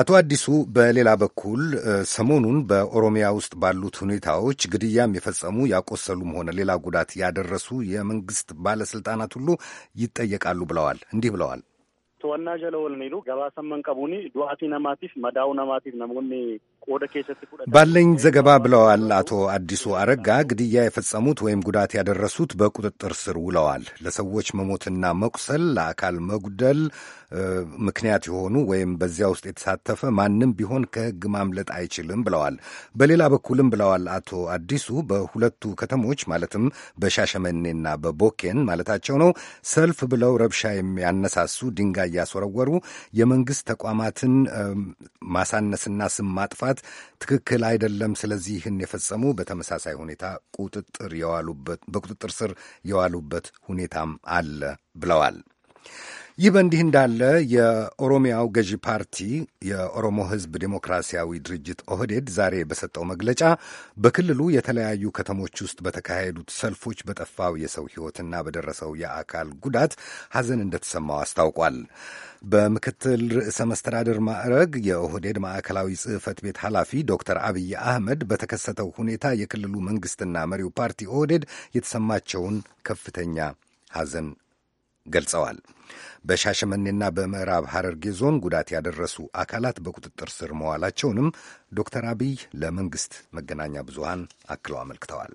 አቶ አዲሱ በሌላ በኩል ሰሞኑን በኦሮሚያ ውስጥ ባሉት ሁኔታዎች ግድያም የፈጸሙ ያቆሰሉም ሆነ ሌላ ጉዳት ያደረሱ የመንግስት ባለስልጣናት ሁሉ ይጠየቃሉ ብለዋል። እንዲህ ብለዋል። ዋና ጀለወል ኒሉ ገባሰመን ቀቡኒ ዱአቲ ነማቲፍ መዳው ነማቲፍ ነሞኒ ባለኝ ዘገባ ብለዋል አቶ አዲሱ አረጋ። ግድያ የፈጸሙት ወይም ጉዳት ያደረሱት በቁጥጥር ስር ውለዋል። ለሰዎች መሞትና መቁሰል፣ ለአካል መጉደል ምክንያት የሆኑ ወይም በዚያ ውስጥ የተሳተፈ ማንም ቢሆን ከህግ ማምለጥ አይችልም ብለዋል። በሌላ በኩልም ብለዋል አቶ አዲሱ በሁለቱ ከተሞች ማለትም በሻሸመኔና በቦኬን ማለታቸው ነው ሰልፍ ብለው ረብሻ የሚያነሳሱ ድንጋይ እያስወረወሩ የመንግስት ተቋማትን ማሳነስና ስም ማጥፋት ትክክል አይደለም። ስለዚህ ይህን የፈጸሙ በተመሳሳይ ሁኔታ ቁጥጥር የዋሉበት በቁጥጥር ስር የዋሉበት ሁኔታም አለ ብለዋል። ይህ በእንዲህ እንዳለ የኦሮሚያው ገዢ ፓርቲ የኦሮሞ ሕዝብ ዴሞክራሲያዊ ድርጅት ኦህዴድ ዛሬ በሰጠው መግለጫ በክልሉ የተለያዩ ከተሞች ውስጥ በተካሄዱት ሰልፎች በጠፋው የሰው ሕይወትና በደረሰው የአካል ጉዳት ሐዘን እንደተሰማው አስታውቋል። በምክትል ርዕሰ መስተዳድር ማዕረግ የኦህዴድ ማዕከላዊ ጽህፈት ቤት ኃላፊ ዶክተር አብይ አህመድ በተከሰተው ሁኔታ የክልሉ መንግስትና መሪው ፓርቲ ኦህዴድ የተሰማቸውን ከፍተኛ ሐዘን ገልጸዋል። በሻሸመኔና በምዕራብ ሐረርጌ ዞን ጉዳት ያደረሱ አካላት በቁጥጥር ስር መዋላቸውንም ዶክተር አብይ ለመንግሥት መገናኛ ብዙሃን አክለው አመልክተዋል።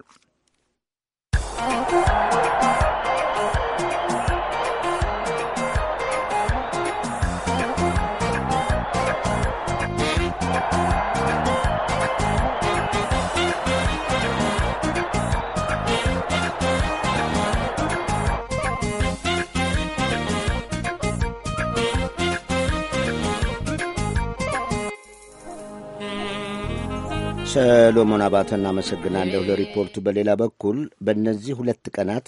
ሰሎሞን አባተ እናመሰግናለሁ ለሪፖርቱ። በሌላ በኩል በእነዚህ ሁለት ቀናት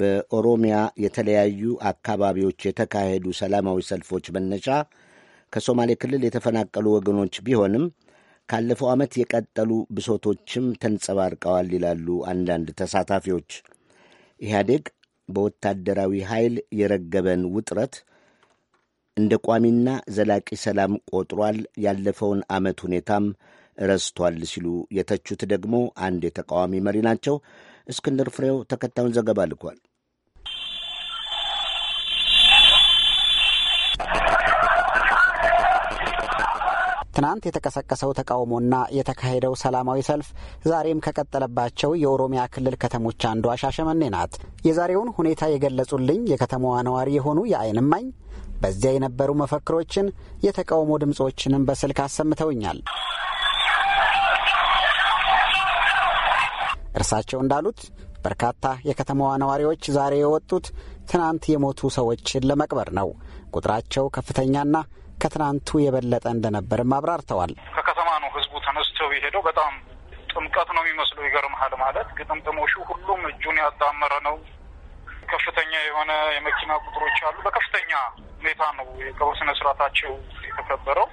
በኦሮሚያ የተለያዩ አካባቢዎች የተካሄዱ ሰላማዊ ሰልፎች መነሻ ከሶማሌ ክልል የተፈናቀሉ ወገኖች ቢሆንም ካለፈው ዓመት የቀጠሉ ብሶቶችም ተንጸባርቀዋል ይላሉ አንዳንድ ተሳታፊዎች። ኢህአዴግ በወታደራዊ ኃይል የረገበን ውጥረት እንደ ቋሚና ዘላቂ ሰላም ቆጥሯል። ያለፈውን ዓመት ሁኔታም ረስቷል ሲሉ የተቹት ደግሞ አንድ የተቃዋሚ መሪ ናቸው። እስክንድር ፍሬው ተከታዩን ዘገባ ልኳል። ትናንት የተቀሰቀሰው ተቃውሞና የተካሄደው ሰላማዊ ሰልፍ ዛሬም ከቀጠለባቸው የኦሮሚያ ክልል ከተሞች አንዷ ሻሸመኔ ናት። የዛሬውን ሁኔታ የገለጹልኝ የከተማዋ ነዋሪ የሆኑ የአይን እማኝ በዚያ የነበሩ መፈክሮችን፣ የተቃውሞ ድምፆችንም በስልክ አሰምተውኛል። እርሳቸው እንዳሉት በርካታ የከተማዋ ነዋሪዎች ዛሬ የወጡት ትናንት የሞቱ ሰዎችን ለመቅበር ነው። ቁጥራቸው ከፍተኛና ከትናንቱ የበለጠ እንደነበርም አብራርተዋል። ከከተማ ነው ህዝቡ ተነስተው የሄደው። በጣም ጥምቀት ነው የሚመስለው። ይገርምሃል ማለት ግጥምጥሞሹ ሁሉም እጁን ያጣመረ ነው። ከፍተኛ የሆነ የመኪና ቁጥሮች አሉ። በከፍተኛ ሁኔታ ነው የቀብር ስነ ስርዓታቸው የተከበረው።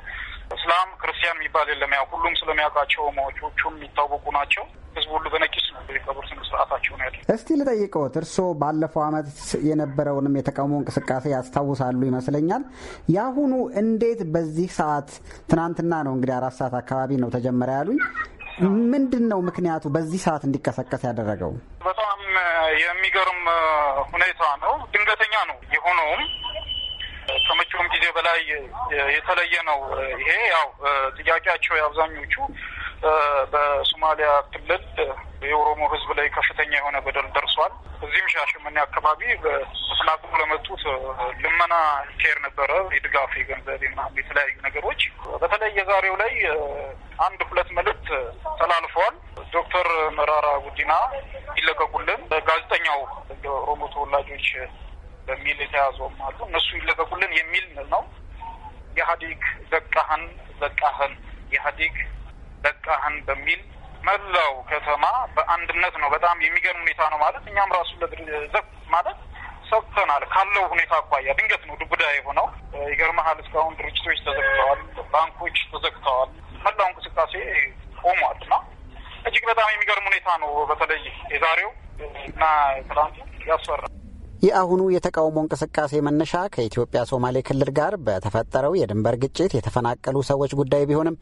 እስላም ክርስቲያን የሚባል የለም። ያው ሁሉም ስለሚያውቃቸው መዎቾቹም የሚታወቁ ናቸው። ህዝቡ ሁሉ በነቂስ ነው ሊቀብሩ ስነ ስርአታቸውን ያለ። እስቲ ልጠይቅዎት፣ እርስዎ ባለፈው አመት የነበረውንም የተቃውሞ እንቅስቃሴ ያስታውሳሉ ይመስለኛል። የአሁኑ እንዴት በዚህ ሰዓት ትናንትና ነው እንግዲህ አራት ሰዓት አካባቢ ነው ተጀመረ ያሉኝ ምንድን ነው ምክንያቱ በዚህ ሰዓት እንዲቀሰቀስ ያደረገው? በጣም የሚገርም ሁኔታ ነው። ድንገተኛ ነው የሆነውም ከመቼውም ጊዜ በላይ የተለየ ነው። ይሄ ያው ጥያቄያቸው የአብዛኞቹ በሶማሊያ ክልል የኦሮሞ ህዝብ ላይ ከፍተኛ የሆነ በደል ደርሷል። እዚህም ሻሸመኔ አካባቢ በተፈናቅሎ ለመጡት ልመና ይካሄድ ነበረ። የድጋፍ የገንዘብ ና የተለያዩ ነገሮች በተለይ የዛሬው ላይ አንድ ሁለት መልእክት ተላልፈዋል። ዶክተር መራራ ጉዲና ይለቀቁልን፣ ጋዜጠኛው የኦሮሞ ተወላጆች በሚል የተያዘውም አሉ። እነሱ ይለቀቁልን የሚል ነው። ኢህአዴግ ዘቃህን ዘቃህን ኢህአዴግ በቃህን በሚል መላው ከተማ በአንድነት ነው። በጣም የሚገርም ሁኔታ ነው ማለት እኛም ራሱ ለዘብ ማለት ሰብተናል ካለው ሁኔታ አኳያ ድንገት ነው ዱብዳ የሆነው። ይገርመሃል እስካሁን ድርጅቶች ተዘግተዋል፣ ባንኮች ተዘግተዋል፣ መላው እንቅስቃሴ ቆሟል እና እጅግ በጣም የሚገርም ሁኔታ ነው። በተለይ የዛሬው እና ትላንቱ ያስፈራል። የአሁኑ የተቃውሞ እንቅስቃሴ መነሻ ከኢትዮጵያ ሶማሌ ክልል ጋር በተፈጠረው የድንበር ግጭት የተፈናቀሉ ሰዎች ጉዳይ ቢሆንም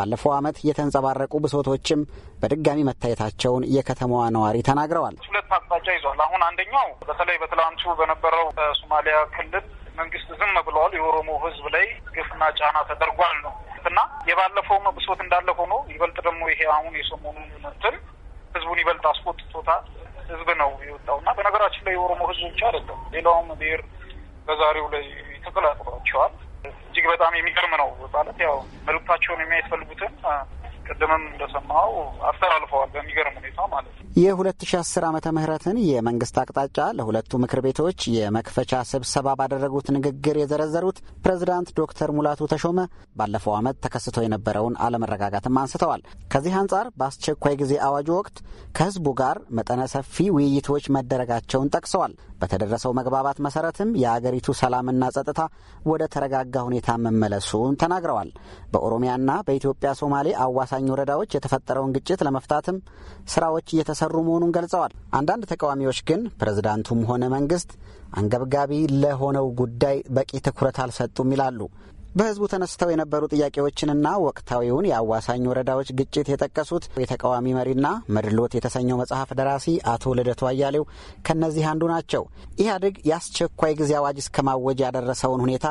ባለፈው ዓመት የተንጸባረቁ ብሶቶችም በድጋሚ መታየታቸውን የከተማዋ ነዋሪ ተናግረዋል። ሁለት አቅጣጫ ይዟል። አሁን አንደኛው በተለይ በትላንቱ በነበረው በሶማሊያ ክልል መንግስት ዝም ብለዋል፣ የኦሮሞ ህዝብ ላይ ግፍና ጫና ተደርጓል ነው እና የባለፈውም ብሶት እንዳለ ሆኖ ይበልጥ ደግሞ ይሄ አሁን የሰሞኑ እንትን ህዝቡን ይበልጥ አስቆጥቶታል። ህዝብ ነው የወጣው እና በነገራችን ላይ የኦሮሞ ህዝብ ብቻ አይደለም፣ ሌላውም ብሔር በዛሬው ላይ ተቀላቅሏቸዋል። እጅግ በጣም የሚገርም ነው። ማለት ያው መልእክታቸውን የሚያስፈልጉትን ቅድምም እንደሰማው አስተላልፈዋል በሚገርም ሁኔታ ማለት ነው። የ2010 ዓመተ ምህረትን የመንግስት አቅጣጫ ለሁለቱ ምክር ቤቶች የመክፈቻ ስብሰባ ባደረጉት ንግግር የዘረዘሩት ፕሬዝዳንት ዶክተር ሙላቱ ተሾመ ባለፈው ዓመት ተከስቶ የነበረውን አለመረጋጋትም አንስተዋል። ከዚህ አንጻር በአስቸኳይ ጊዜ አዋጁ ወቅት ከህዝቡ ጋር መጠነ ሰፊ ውይይቶች መደረጋቸውን ጠቅሰዋል። በተደረሰው መግባባት መሰረትም የአገሪቱ ሰላምና ጸጥታ ወደ ተረጋጋ ሁኔታ መመለሱን ተናግረዋል። በኦሮሚያና በኢትዮጵያ ሶማሌ አዋሳኝ ወረዳዎች የተፈጠረውን ግጭት ለመፍታትም ስራዎች እየተ እየሰሩ መሆኑን ገልጸዋል። አንዳንድ ተቃዋሚዎች ግን ፕሬዝዳንቱም ሆነ መንግስት አንገብጋቢ ለሆነው ጉዳይ በቂ ትኩረት አልሰጡም ይላሉ። በህዝቡ ተነስተው የነበሩ ጥያቄዎችንና ወቅታዊውን የአዋሳኝ ወረዳዎች ግጭት የጠቀሱት የተቃዋሚ መሪና መድሎት የተሰኘው መጽሐፍ ደራሲ አቶ ልደቱ አያሌው ከእነዚህ አንዱ ናቸው። ኢህአዴግ የአስቸኳይ ጊዜ አዋጅ እስከ ማወጅ ያደረሰውን ሁኔታ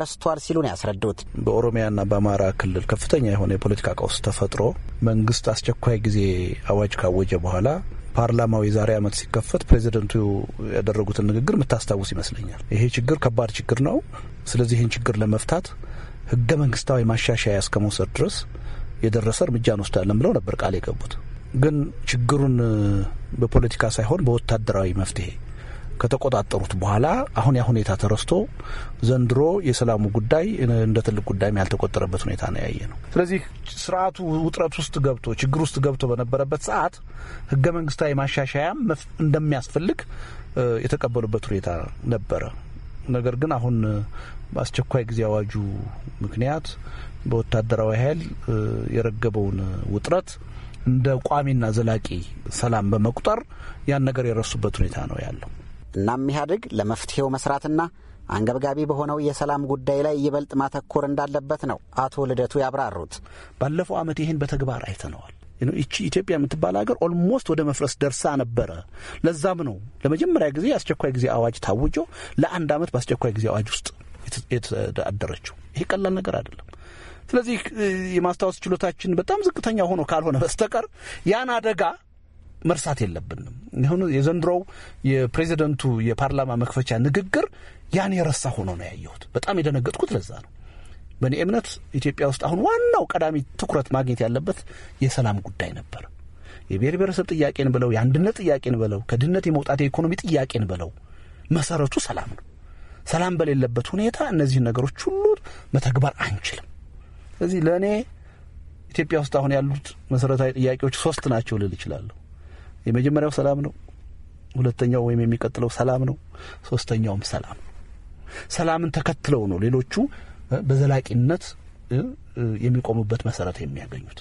ረስቷል ሲሉን ያስረዱት በኦሮሚያና በአማራ ክልል ከፍተኛ የሆነ የፖለቲካ ቀውስ ተፈጥሮ መንግስት አስቸኳይ ጊዜ አዋጅ ካወጀ በኋላ ፓርላማው የዛሬ ዓመት ሲከፈት ፕሬዚደንቱ ያደረጉትን ንግግር የምታስታውስ ይመስለኛል። ይሄ ችግር ከባድ ችግር ነው። ስለዚህ ይህን ችግር ለመፍታት ህገ መንግስታዊ ማሻሻያ እስከመውሰድ ድረስ የደረሰ እርምጃ እንወስዳለን ብለው ነበር ቃል የገቡት። ግን ችግሩን በፖለቲካ ሳይሆን በወታደራዊ መፍትሄ ከተቆጣጠሩት በኋላ አሁን ያ ሁኔታ ተረስቶ ዘንድሮ የሰላሙ ጉዳይ እንደ ትልቅ ጉዳይም ያልተቆጠረበት ሁኔታ ነው ያየ ነው። ስለዚህ ስርዓቱ ውጥረት ውስጥ ገብቶ ችግር ውስጥ ገብቶ በነበረበት ሰዓት ህገ መንግስታዊ ማሻሻያም እንደሚያስፈልግ የተቀበሉበት ሁኔታ ነበረ። ነገር ግን አሁን በአስቸኳይ ጊዜ አዋጁ ምክንያት በወታደራዊ ኃይል የረገበውን ውጥረት እንደ ቋሚና ዘላቂ ሰላም በመቁጠር ያን ነገር የረሱበት ሁኔታ ነው ያለው። እናም ኢህአዴግ ለመፍትሄው መስራትና አንገብጋቢ በሆነው የሰላም ጉዳይ ላይ ይበልጥ ማተኮር እንዳለበት ነው አቶ ልደቱ ያብራሩት። ባለፈው ዓመት ይህን በተግባር አይተነዋል። ይቺ ኢትዮጵያ የምትባል ሀገር ኦልሞስት ወደ መፍረስ ደርሳ ነበረ። ለዛም ነው ለመጀመሪያ ጊዜ የአስቸኳይ ጊዜ አዋጅ ታውጆ ለአንድ ዓመት በአስቸኳይ ጊዜ አዋጅ ውስጥ የተዳደረችው። ይሄ ቀላል ነገር አይደለም። ስለዚህ የማስታወስ ችሎታችን በጣም ዝቅተኛ ሆኖ ካልሆነ በስተቀር ያን አደጋ መርሳት የለብንም። ይሁን የዘንድሮው የፕሬዚደንቱ የፓርላማ መክፈቻ ንግግር ያን የረሳ ሆኖ ነው ያየሁት። በጣም የደነገጥኩት ለዛ ነው። በእኔ እምነት ኢትዮጵያ ውስጥ አሁን ዋናው ቀዳሚ ትኩረት ማግኘት ያለበት የሰላም ጉዳይ ነበር። የብሔር ብሔረሰብ ጥያቄን ብለው የአንድነት ጥያቄን ብለው ከድህነት የመውጣት የኢኮኖሚ ጥያቄን ብለው መሰረቱ ሰላም ነው። ሰላም በሌለበት ሁኔታ እነዚህን ነገሮች ሁሉ መተግበር አንችልም። ስለዚህ ለእኔ ኢትዮጵያ ውስጥ አሁን ያሉት መሰረታዊ ጥያቄዎች ሶስት ናቸው ልል እችላለሁ። የመጀመሪያው ሰላም ነው። ሁለተኛው ወይም የሚቀጥለው ሰላም ነው። ሶስተኛውም ሰላም ነው። ሰላምን ተከትለው ነው ሌሎቹ በዘላቂነት የሚቆሙበት መሰረት የሚያገኙት።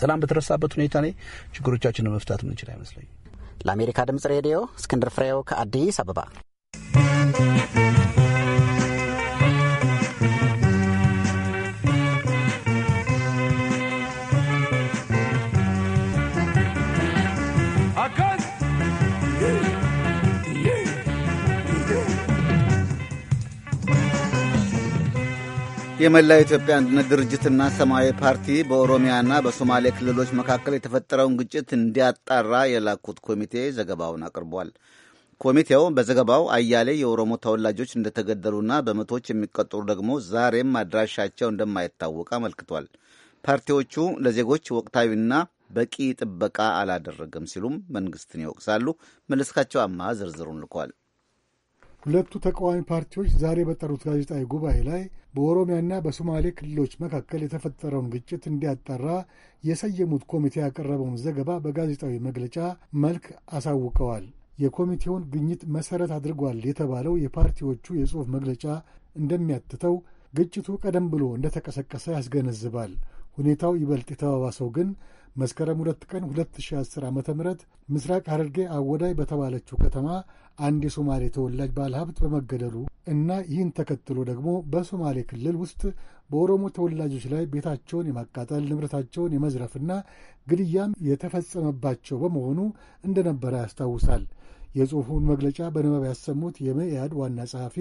ሰላም በተረሳበት ሁኔታ እኔ ችግሮቻችንን መፍታት ምንችል አይመስለኝ። ለአሜሪካ ድምጽ ሬዲዮ እስክንድር ፍሬው ከአዲስ አበባ የመላው ኢትዮጵያ አንድነት ድርጅትና ሰማያዊ ፓርቲ በኦሮሚያና በሶማሌ ክልሎች መካከል የተፈጠረውን ግጭት እንዲያጣራ የላኩት ኮሚቴ ዘገባውን አቅርቧል። ኮሚቴው በዘገባው አያሌ የኦሮሞ ተወላጆች እንደተገደሉና በመቶዎች የሚቆጠሩ ደግሞ ዛሬም አድራሻቸው እንደማይታወቅ አመልክቷል። ፓርቲዎቹ ለዜጎች ወቅታዊና በቂ ጥበቃ አላደረገም ሲሉም መንግስትን ይወቅሳሉ። መለስካቸው አማ ዝርዝሩን ልኳል። ሁለቱ ተቃዋሚ ፓርቲዎች ዛሬ በጠሩት ጋዜጣዊ ጉባኤ ላይ በኦሮሚያና በሶማሌ ክልሎች መካከል የተፈጠረውን ግጭት እንዲያጠራ የሰየሙት ኮሚቴ ያቀረበውን ዘገባ በጋዜጣዊ መግለጫ መልክ አሳውቀዋል። የኮሚቴውን ግኝት መሠረት አድርጓል የተባለው የፓርቲዎቹ የጽሑፍ መግለጫ እንደሚያትተው ግጭቱ ቀደም ብሎ እንደተቀሰቀሰ ያስገነዝባል። ሁኔታው ይበልጥ የተባባሰው ግን መስከረም ሁለት ቀን 2010 ዓ ም ምስራቅ ሐረርጌ አወዳይ በተባለችው ከተማ አንድ የሶማሌ ተወላጅ ባለሀብት በመገደሉ እና ይህን ተከትሎ ደግሞ በሶማሌ ክልል ውስጥ በኦሮሞ ተወላጆች ላይ ቤታቸውን የማቃጠል ንብረታቸውን የመዝረፍና ግድያም የተፈጸመባቸው በመሆኑ እንደነበረ ያስታውሳል። የጽሑፉን መግለጫ በንባብ ያሰሙት የመኢአድ ዋና ጸሐፊ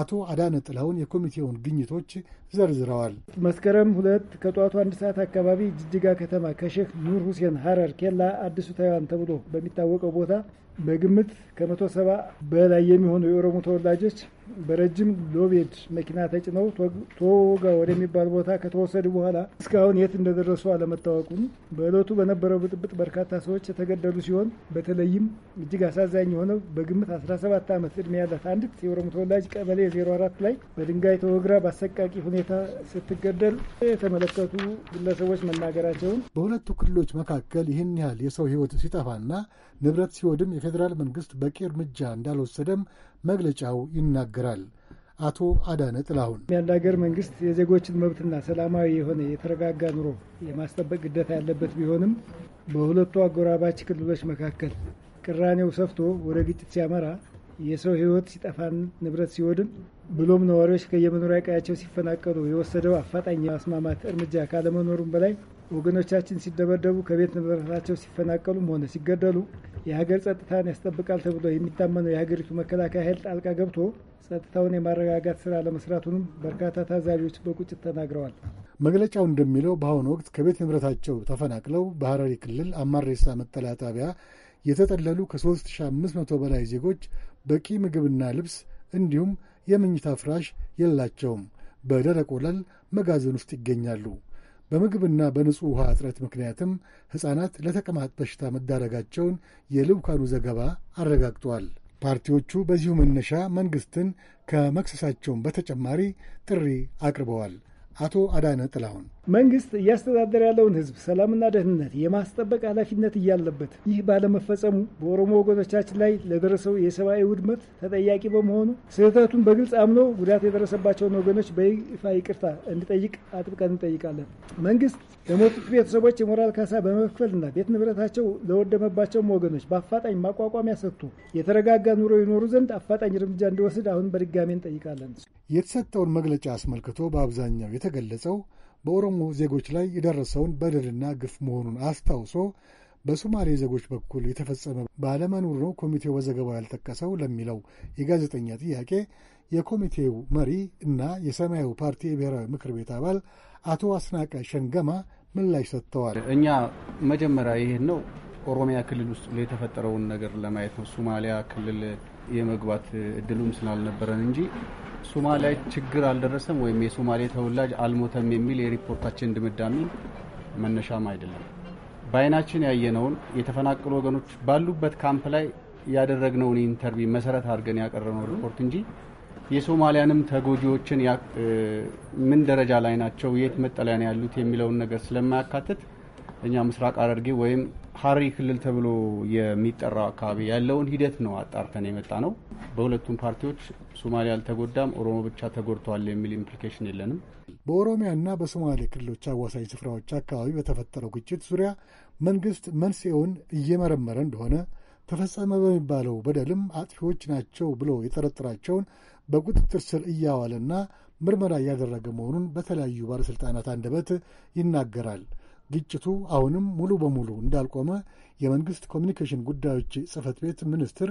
አቶ አዳነ ጥላሁን የኮሚቴውን ግኝቶች ዘርዝረዋል። መስከረም ሁለት ከጠዋቱ አንድ ሰዓት አካባቢ ጅጅጋ ከተማ ከሼክ ኑር ሁሴን ሀረር ኬላ አዲሱ ታይዋን ተብሎ በሚታወቀው ቦታ በግምት ከመቶ ሰባ በላይ የሚሆኑ የኦሮሞ ተወላጆች በረጅም ሎቤድ መኪና ተጭነው ቶጋ ወደሚባል ቦታ ከተወሰዱ በኋላ እስካሁን የት እንደደረሱ አለመታወቁም፣ በእለቱ በነበረው ብጥብጥ በርካታ ሰዎች የተገደሉ ሲሆን በተለይም እጅግ አሳዛኝ የሆነው በግምት 17 ዓመት እድሜ ያላት አንዲት የኦሮሞ ተወላጅ ቀበሌ 04 ላይ በድንጋይ ተወግራ በአሰቃቂ ሁኔታ ስትገደል የተመለከቱ ግለሰቦች መናገራቸውን በሁለቱ ክልሎች መካከል ይህን ያህል የሰው ህይወት ሲጠፋና ንብረት ሲወድም የፌዴራል መንግሥት በቂ እርምጃ እንዳልወሰደም መግለጫው ይናገራል። አቶ አዳነ ጥላሁን የአንድ ሀገር መንግስት የዜጎችን መብትና ሰላማዊ የሆነ የተረጋጋ ኑሮ የማስጠበቅ ግዴታ ያለበት ቢሆንም በሁለቱ አጎራባች ክልሎች መካከል ቅራኔው ሰፍቶ ወደ ግጭት ሲያመራ የሰው ሕይወት ሲጠፋን ንብረት ሲወድም ብሎም ነዋሪዎች ከየመኖሪያ ቀያቸው ሲፈናቀሉ የወሰደው አፋጣኝ የማስማማት እርምጃ ካለመኖሩም በላይ ወገኖቻችን ሲደበደቡ፣ ከቤት ንብረታቸው ሲፈናቀሉም ሆነ ሲገደሉ የሀገር ጸጥታን ያስጠብቃል ተብሎ የሚታመነው የሀገሪቱ መከላከያ ኃይል ጣልቃ ገብቶ ጸጥታውን የማረጋጋት ስራ ለመስራቱንም በርካታ ታዛቢዎች በቁጭት ተናግረዋል። መግለጫው እንደሚለው በአሁኑ ወቅት ከቤት ንብረታቸው ተፈናቅለው በሐረሪ ክልል አማሬሳ መጠለያ ጣቢያ የተጠለሉ ከ3500 በላይ ዜጎች በቂ ምግብና ልብስ እንዲሁም የምኝታ ፍራሽ የላቸውም። በደረቅ ወለል መጋዘን ውስጥ ይገኛሉ። በምግብና በንጹሕ ውሃ እጥረት ምክንያትም ሕፃናት ለተቅማጥ በሽታ መዳረጋቸውን የልዑካኑ ዘገባ አረጋግጧል። ፓርቲዎቹ በዚሁ መነሻ መንግሥትን ከመክሰሳቸውን በተጨማሪ ጥሪ አቅርበዋል። አቶ አዳነ ጥላሁን መንግስት እያስተዳደረ ያለውን ህዝብ ሰላምና ደህንነት የማስጠበቅ ኃላፊነት እያለበት ይህ ባለመፈጸሙ በኦሮሞ ወገኖቻችን ላይ ለደረሰው የሰብአዊ ውድመት ተጠያቂ በመሆኑ ስህተቱን በግልጽ አምኖ ጉዳት የደረሰባቸውን ወገኖች በይፋ ይቅርታ እንዲጠይቅ አጥብቀን እንጠይቃለን። መንግስት ለሞቱት ቤተሰቦች የሞራል ካሳ በመክፈልና ቤት ንብረታቸው ለወደመባቸውም ወገኖች በአፋጣኝ ማቋቋሚያ ሰጥቶ የተረጋጋ ኑሮ ይኖሩ ዘንድ አፋጣኝ እርምጃ እንዲወስድ አሁን በድጋሜ እንጠይቃለን። የተሰጠውን መግለጫ አስመልክቶ በአብዛኛው የተገለጸው በኦሮሞ ዜጎች ላይ የደረሰውን በደልና ግፍ መሆኑን አስታውሶ በሶማሌ ዜጎች በኩል የተፈጸመ ባለመኖር ነው ኮሚቴው በዘገባው ያልጠቀሰው ለሚለው የጋዜጠኛ ጥያቄ የኮሚቴው መሪ እና የሰማያዊ ፓርቲ የብሔራዊ ምክር ቤት አባል አቶ አስናቀ ሸንገማ ምላሽ ሰጥተዋል። እኛ መጀመሪያ ይሄን ነው ኦሮሚያ ክልል ውስጥ የተፈጠረውን ነገር ለማየት ነው። ሶማሊያ ክልል የመግባት እድሉም ስላልነበረን እንጂ ሶማሊያ ችግር አልደረሰም ወይም የሶማሌ ተወላጅ አልሞተም የሚል የሪፖርታችን ድምዳሜ መነሻም አይደለም። በአይናችን ያየነውን የተፈናቀሉ ወገኖች ባሉበት ካምፕ ላይ ያደረግነውን ኢንተርቪው መሰረት አድርገን ያቀረብነው ሪፖርት እንጂ የሶማሊያንም ተጎጂዎችን ምን ደረጃ ላይ ናቸው፣ የት መጠለያ ነው ያሉት የሚለውን ነገር ስለማያካትት እኛ ምስራቅ ሐረርጌ ወይም ሐረሪ ክልል ተብሎ የሚጠራው አካባቢ ያለውን ሂደት ነው አጣርተን የመጣ ነው። በሁለቱም ፓርቲዎች ሶማሌ አልተጎዳም፣ ኦሮሞ ብቻ ተጎድተዋል የሚል ኢምፕሊኬሽን የለንም። በኦሮሚያና በሶማሌ ክልሎች አዋሳኝ ስፍራዎች አካባቢ በተፈጠረው ግጭት ዙሪያ መንግስት መንስኤውን እየመረመረ እንደሆነ ተፈጸመ በሚባለው በደልም አጥፊዎች ናቸው ብሎ የጠረጠራቸውን በቁጥጥር ስር እያዋለና ምርመራ እያደረገ መሆኑን በተለያዩ ባለሥልጣናት አንደበት ይናገራል። ግጭቱ አሁንም ሙሉ በሙሉ እንዳልቆመ የመንግሥት ኮሚኒኬሽን ጉዳዮች ጽህፈት ቤት ሚኒስትር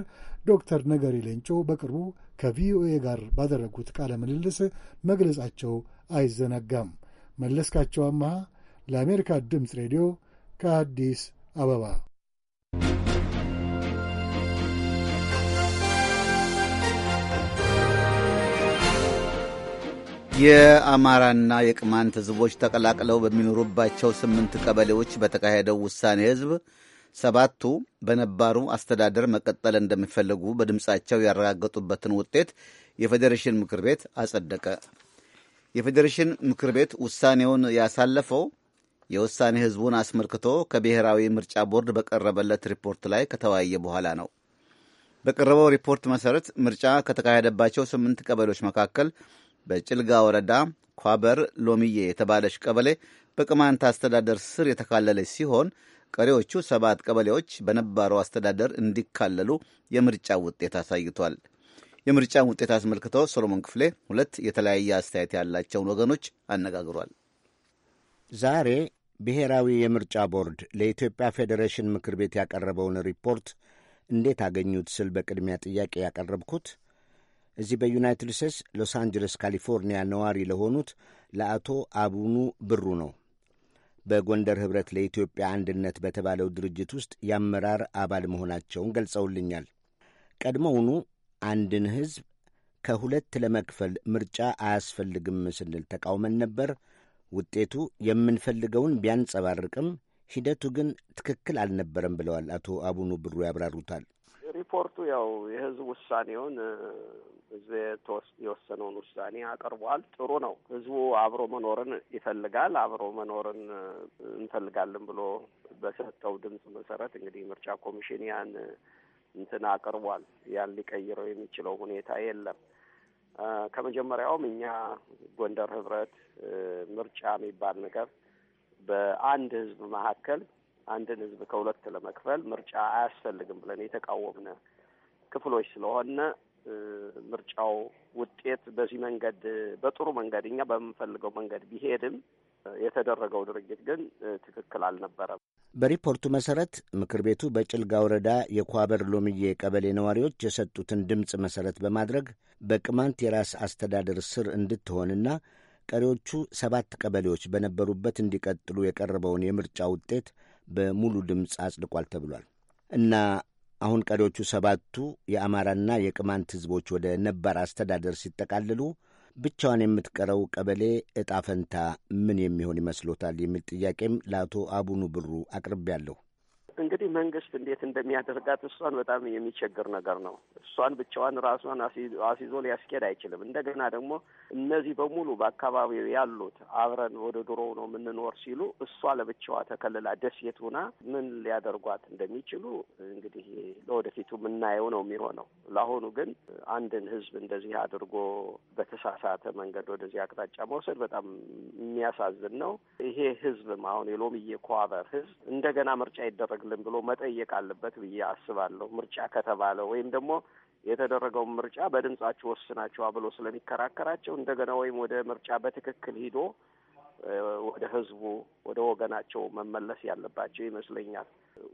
ዶክተር ነገሪ ሌንጮ በቅርቡ ከቪኦኤ ጋር ባደረጉት ቃለ ምልልስ መግለጻቸው አይዘነጋም። መለስካቸው አመሃ ለአሜሪካ ድምፅ ሬዲዮ ከአዲስ አበባ የአማራና የቅማንት ህዝቦች ተቀላቅለው በሚኖሩባቸው ስምንት ቀበሌዎች በተካሄደው ውሳኔ ህዝብ ሰባቱ በነባሩ አስተዳደር መቀጠል እንደሚፈልጉ በድምፃቸው ያረጋገጡበትን ውጤት የፌዴሬሽን ምክር ቤት አጸደቀ። የፌዴሬሽን ምክር ቤት ውሳኔውን ያሳለፈው የውሳኔ ህዝቡን አስመልክቶ ከብሔራዊ ምርጫ ቦርድ በቀረበለት ሪፖርት ላይ ከተወያየ በኋላ ነው። በቀረበው ሪፖርት መሠረት ምርጫ ከተካሄደባቸው ስምንት ቀበሌዎች መካከል በጭልጋ ወረዳ ኳበር ሎሚዬ የተባለች ቀበሌ በቅማንት አስተዳደር ስር የተካለለች ሲሆን ቀሪዎቹ ሰባት ቀበሌዎች በነባሩ አስተዳደር እንዲካለሉ የምርጫ ውጤት አሳይቷል። የምርጫን ውጤት አስመልክቶ ሶሎሞን ክፍሌ ሁለት የተለያየ አስተያየት ያላቸውን ወገኖች አነጋግሯል። ዛሬ ብሔራዊ የምርጫ ቦርድ ለኢትዮጵያ ፌዴሬሽን ምክር ቤት ያቀረበውን ሪፖርት እንዴት አገኙት ስል በቅድሚያ ጥያቄ ያቀረብኩት እዚህ በዩናይትድ ስቴትስ ሎስ አንጀለስ ካሊፎርኒያ ነዋሪ ለሆኑት ለአቶ አቡኑ ብሩ ነው። በጎንደር ኅብረት ለኢትዮጵያ አንድነት በተባለው ድርጅት ውስጥ የአመራር አባል መሆናቸውን ገልጸውልኛል። ቀድሞውኑ አንድን ሕዝብ ከሁለት ለመክፈል ምርጫ አያስፈልግም ስንል ተቃውመን ነበር። ውጤቱ የምንፈልገውን ቢያንጸባርቅም ሂደቱ ግን ትክክል አልነበረም ብለዋል አቶ አቡኑ ብሩ ያብራሩታል። ሪፖርቱ ያው የህዝብ ውሳኔውን ህዝብ የወሰነውን ውሳኔ አቅርቧል። ጥሩ ነው። ህዝቡ አብሮ መኖርን ይፈልጋል። አብሮ መኖርን እንፈልጋለን ብሎ በሰጠው ድምፅ መሰረት እንግዲህ ምርጫ ኮሚሽን ያን እንትን አቅርቧል። ያን ሊቀይረው የሚችለው ሁኔታ የለም። ከመጀመሪያውም እኛ ጎንደር ህብረት ምርጫ የሚባል ነገር በአንድ ህዝብ መካከል አንድን ህዝብ ከሁለት ለመክፈል ምርጫ አያስፈልግም ብለን የተቃወምነ ክፍሎች ስለሆነ ምርጫው ውጤት በዚህ መንገድ በጥሩ መንገድ እኛ በምንፈልገው መንገድ ቢሄድም የተደረገው ድርጊት ግን ትክክል አልነበረም። በሪፖርቱ መሰረት ምክር ቤቱ በጭልጋ ወረዳ የኳበር ሎሚዬ ቀበሌ ነዋሪዎች የሰጡትን ድምፅ መሰረት በማድረግ በቅማንት የራስ አስተዳደር ስር እንድትሆንና ቀሪዎቹ ሰባት ቀበሌዎች በነበሩበት እንዲቀጥሉ የቀረበውን የምርጫ ውጤት በሙሉ ድምፅ አጽድቋል ተብሏል እና አሁን ቀሪዎቹ ሰባቱ የአማራና የቅማንት ህዝቦች ወደ ነባር አስተዳደር ሲጠቃልሉ ብቻዋን የምትቀረው ቀበሌ እጣ ፈንታ ምን የሚሆን ይመስሎታል? የሚል ጥያቄም ለአቶ አቡኑ ብሩ አቅርቤያለሁ። እንግዲህ መንግስት እንዴት እንደሚያደርጋት እሷን በጣም የሚቸግር ነገር ነው። እሷን ብቻዋን ራሷን አስይዞ ሊያስኬድ አይችልም። እንደገና ደግሞ እነዚህ በሙሉ በአካባቢው ያሉት አብረን ወደ ድሮው ነው የምንኖር ሲሉ እሷ ለብቻዋ ተከልላ ደሴት ሆና ምን ሊያደርጓት እንደሚችሉ እንግዲህ ለወደፊቱ የምናየው ነው የሚሆነው። ለአሁኑ ግን አንድን ህዝብ እንደዚህ አድርጎ በተሳሳተ መንገድ ወደዚህ አቅጣጫ መውሰድ በጣም የሚያሳዝን ነው። ይሄ ህዝብም አሁን የሎሚዬ ኮበር ህዝብ እንደገና ምርጫ ይደረግ አይደለም ብሎ መጠየቅ አለበት ብዬ አስባለሁ። ምርጫ ከተባለ ወይም ደግሞ የተደረገውን ምርጫ በድምጻችሁ ወስናችኋ ብሎ ስለሚከራከራቸው እንደገና ወይም ወደ ምርጫ በትክክል ሂዶ ወደ ህዝቡ ወደ ወገናቸው መመለስ ያለባቸው ይመስለኛል።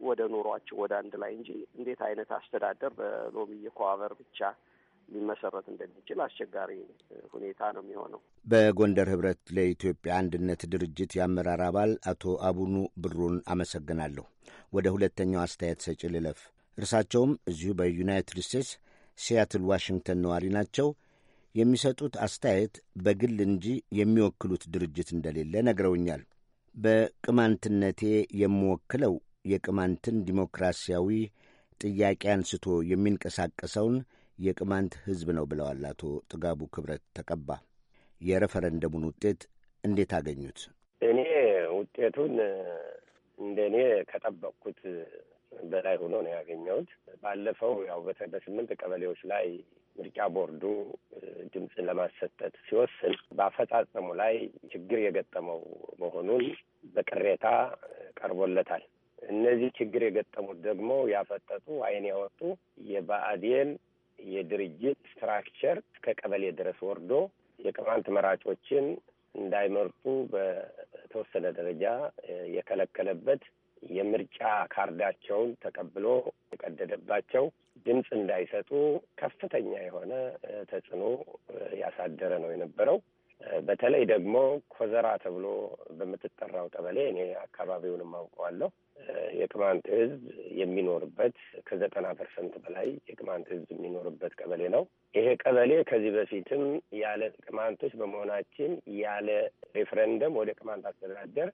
ወደ ኑሯቸው ወደ አንድ ላይ እንጂ እንዴት አይነት አስተዳደር በሎሚ የኮዋበር ብቻ ሊመሰረት እንደሚችል አስቸጋሪ ሁኔታ ነው የሚሆነው። በጎንደር ህብረት ለኢትዮጵያ አንድነት ድርጅት የአመራር አባል አቶ አቡኑ ብሩን አመሰግናለሁ። ወደ ሁለተኛው አስተያየት ሰጪ ልለፍ። እርሳቸውም እዚሁ በዩናይትድ ስቴትስ ሲያትል ዋሽንግተን ነዋሪ ናቸው። የሚሰጡት አስተያየት በግል እንጂ የሚወክሉት ድርጅት እንደሌለ ነግረውኛል። በቅማንትነቴ የምወክለው የቅማንትን ዲሞክራሲያዊ ጥያቄ አንስቶ የሚንቀሳቀሰውን የቅማንት ሕዝብ ነው ብለዋል አቶ ጥጋቡ ክብረት ተቀባ። የረፈረንደሙን ውጤት እንዴት አገኙት? እኔ ውጤቱን እንደ እኔ ከጠበቅኩት በላይ ሆኖ ነው ያገኘሁት። ባለፈው ያው በስምንት ቀበሌዎች ላይ ምርጫ ቦርዱ ድምፅ ለማሰጠት ሲወስን በአፈጻጸሙ ላይ ችግር የገጠመው መሆኑን በቅሬታ ቀርቦለታል። እነዚህ ችግር የገጠሙት ደግሞ ያፈጠጡ አይን ያወጡ የብአዴን የድርጅት ስትራክቸር እስከ ቀበሌ ድረስ ወርዶ የቅማንት መራጮችን እንዳይመርጡ በተወሰነ ደረጃ የከለከለበት የምርጫ ካርዳቸውን ተቀብሎ የቀደደባቸው ድምፅ እንዳይሰጡ ከፍተኛ የሆነ ተጽዕኖ ያሳደረ ነው የነበረው። በተለይ ደግሞ ኮዘራ ተብሎ በምትጠራው ቀበሌ እኔ አካባቢውንም አውቀዋለሁ። የቅማንት ህዝብ የሚኖርበት ከዘጠና ፐርሰንት በላይ የቅማንት ህዝብ የሚኖርበት ቀበሌ ነው። ይሄ ቀበሌ ከዚህ በፊትም ያለ ቅማንቶች በመሆናችን ያለ ሬፍረንደም ወደ ቅማንት አስተዳደር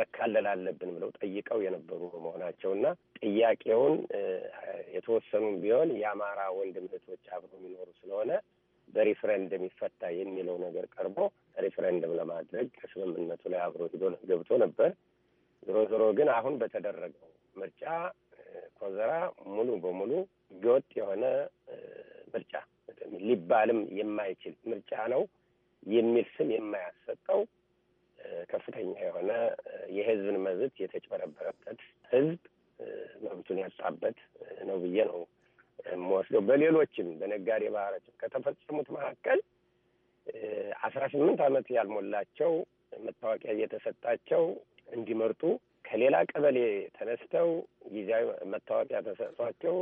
መካለል አለብን ብለው ጠይቀው የነበሩ በመሆናቸውና ጥያቄውን የተወሰኑም ቢሆን የአማራ ወንድም እህቶች አብረው የሚኖሩ ስለሆነ በሪፍረንደም ይፈታ የሚለው ነገር ቀርቦ ሪፍረንደም ለማድረግ ከስምምነቱ ላይ አብሮ ሂዶ ገብቶ ነበር። ዞሮ ዞሮ ግን አሁን በተደረገው ምርጫ ኮዘራ ሙሉ በሙሉ ህገወጥ የሆነ ምርጫ ሊባልም የማይችል ምርጫ ነው የሚል ስም የማያሰጠው ከፍተኛ የሆነ የህዝብን መብት የተጭበረበረበት ህዝብ መብቱን ያጣበት ነው ብዬ ነው የምወስደው። በሌሎችም በነጋዴ ባህሮችም ከተፈጸሙት መካከል አስራ ስምንት ዓመት ያልሞላቸው መታወቂያ እየተሰጣቸው እንዲመርጡ ከሌላ ቀበሌ ተነስተው ጊዜያዊ መታወቂያ ተሰጥቷቸው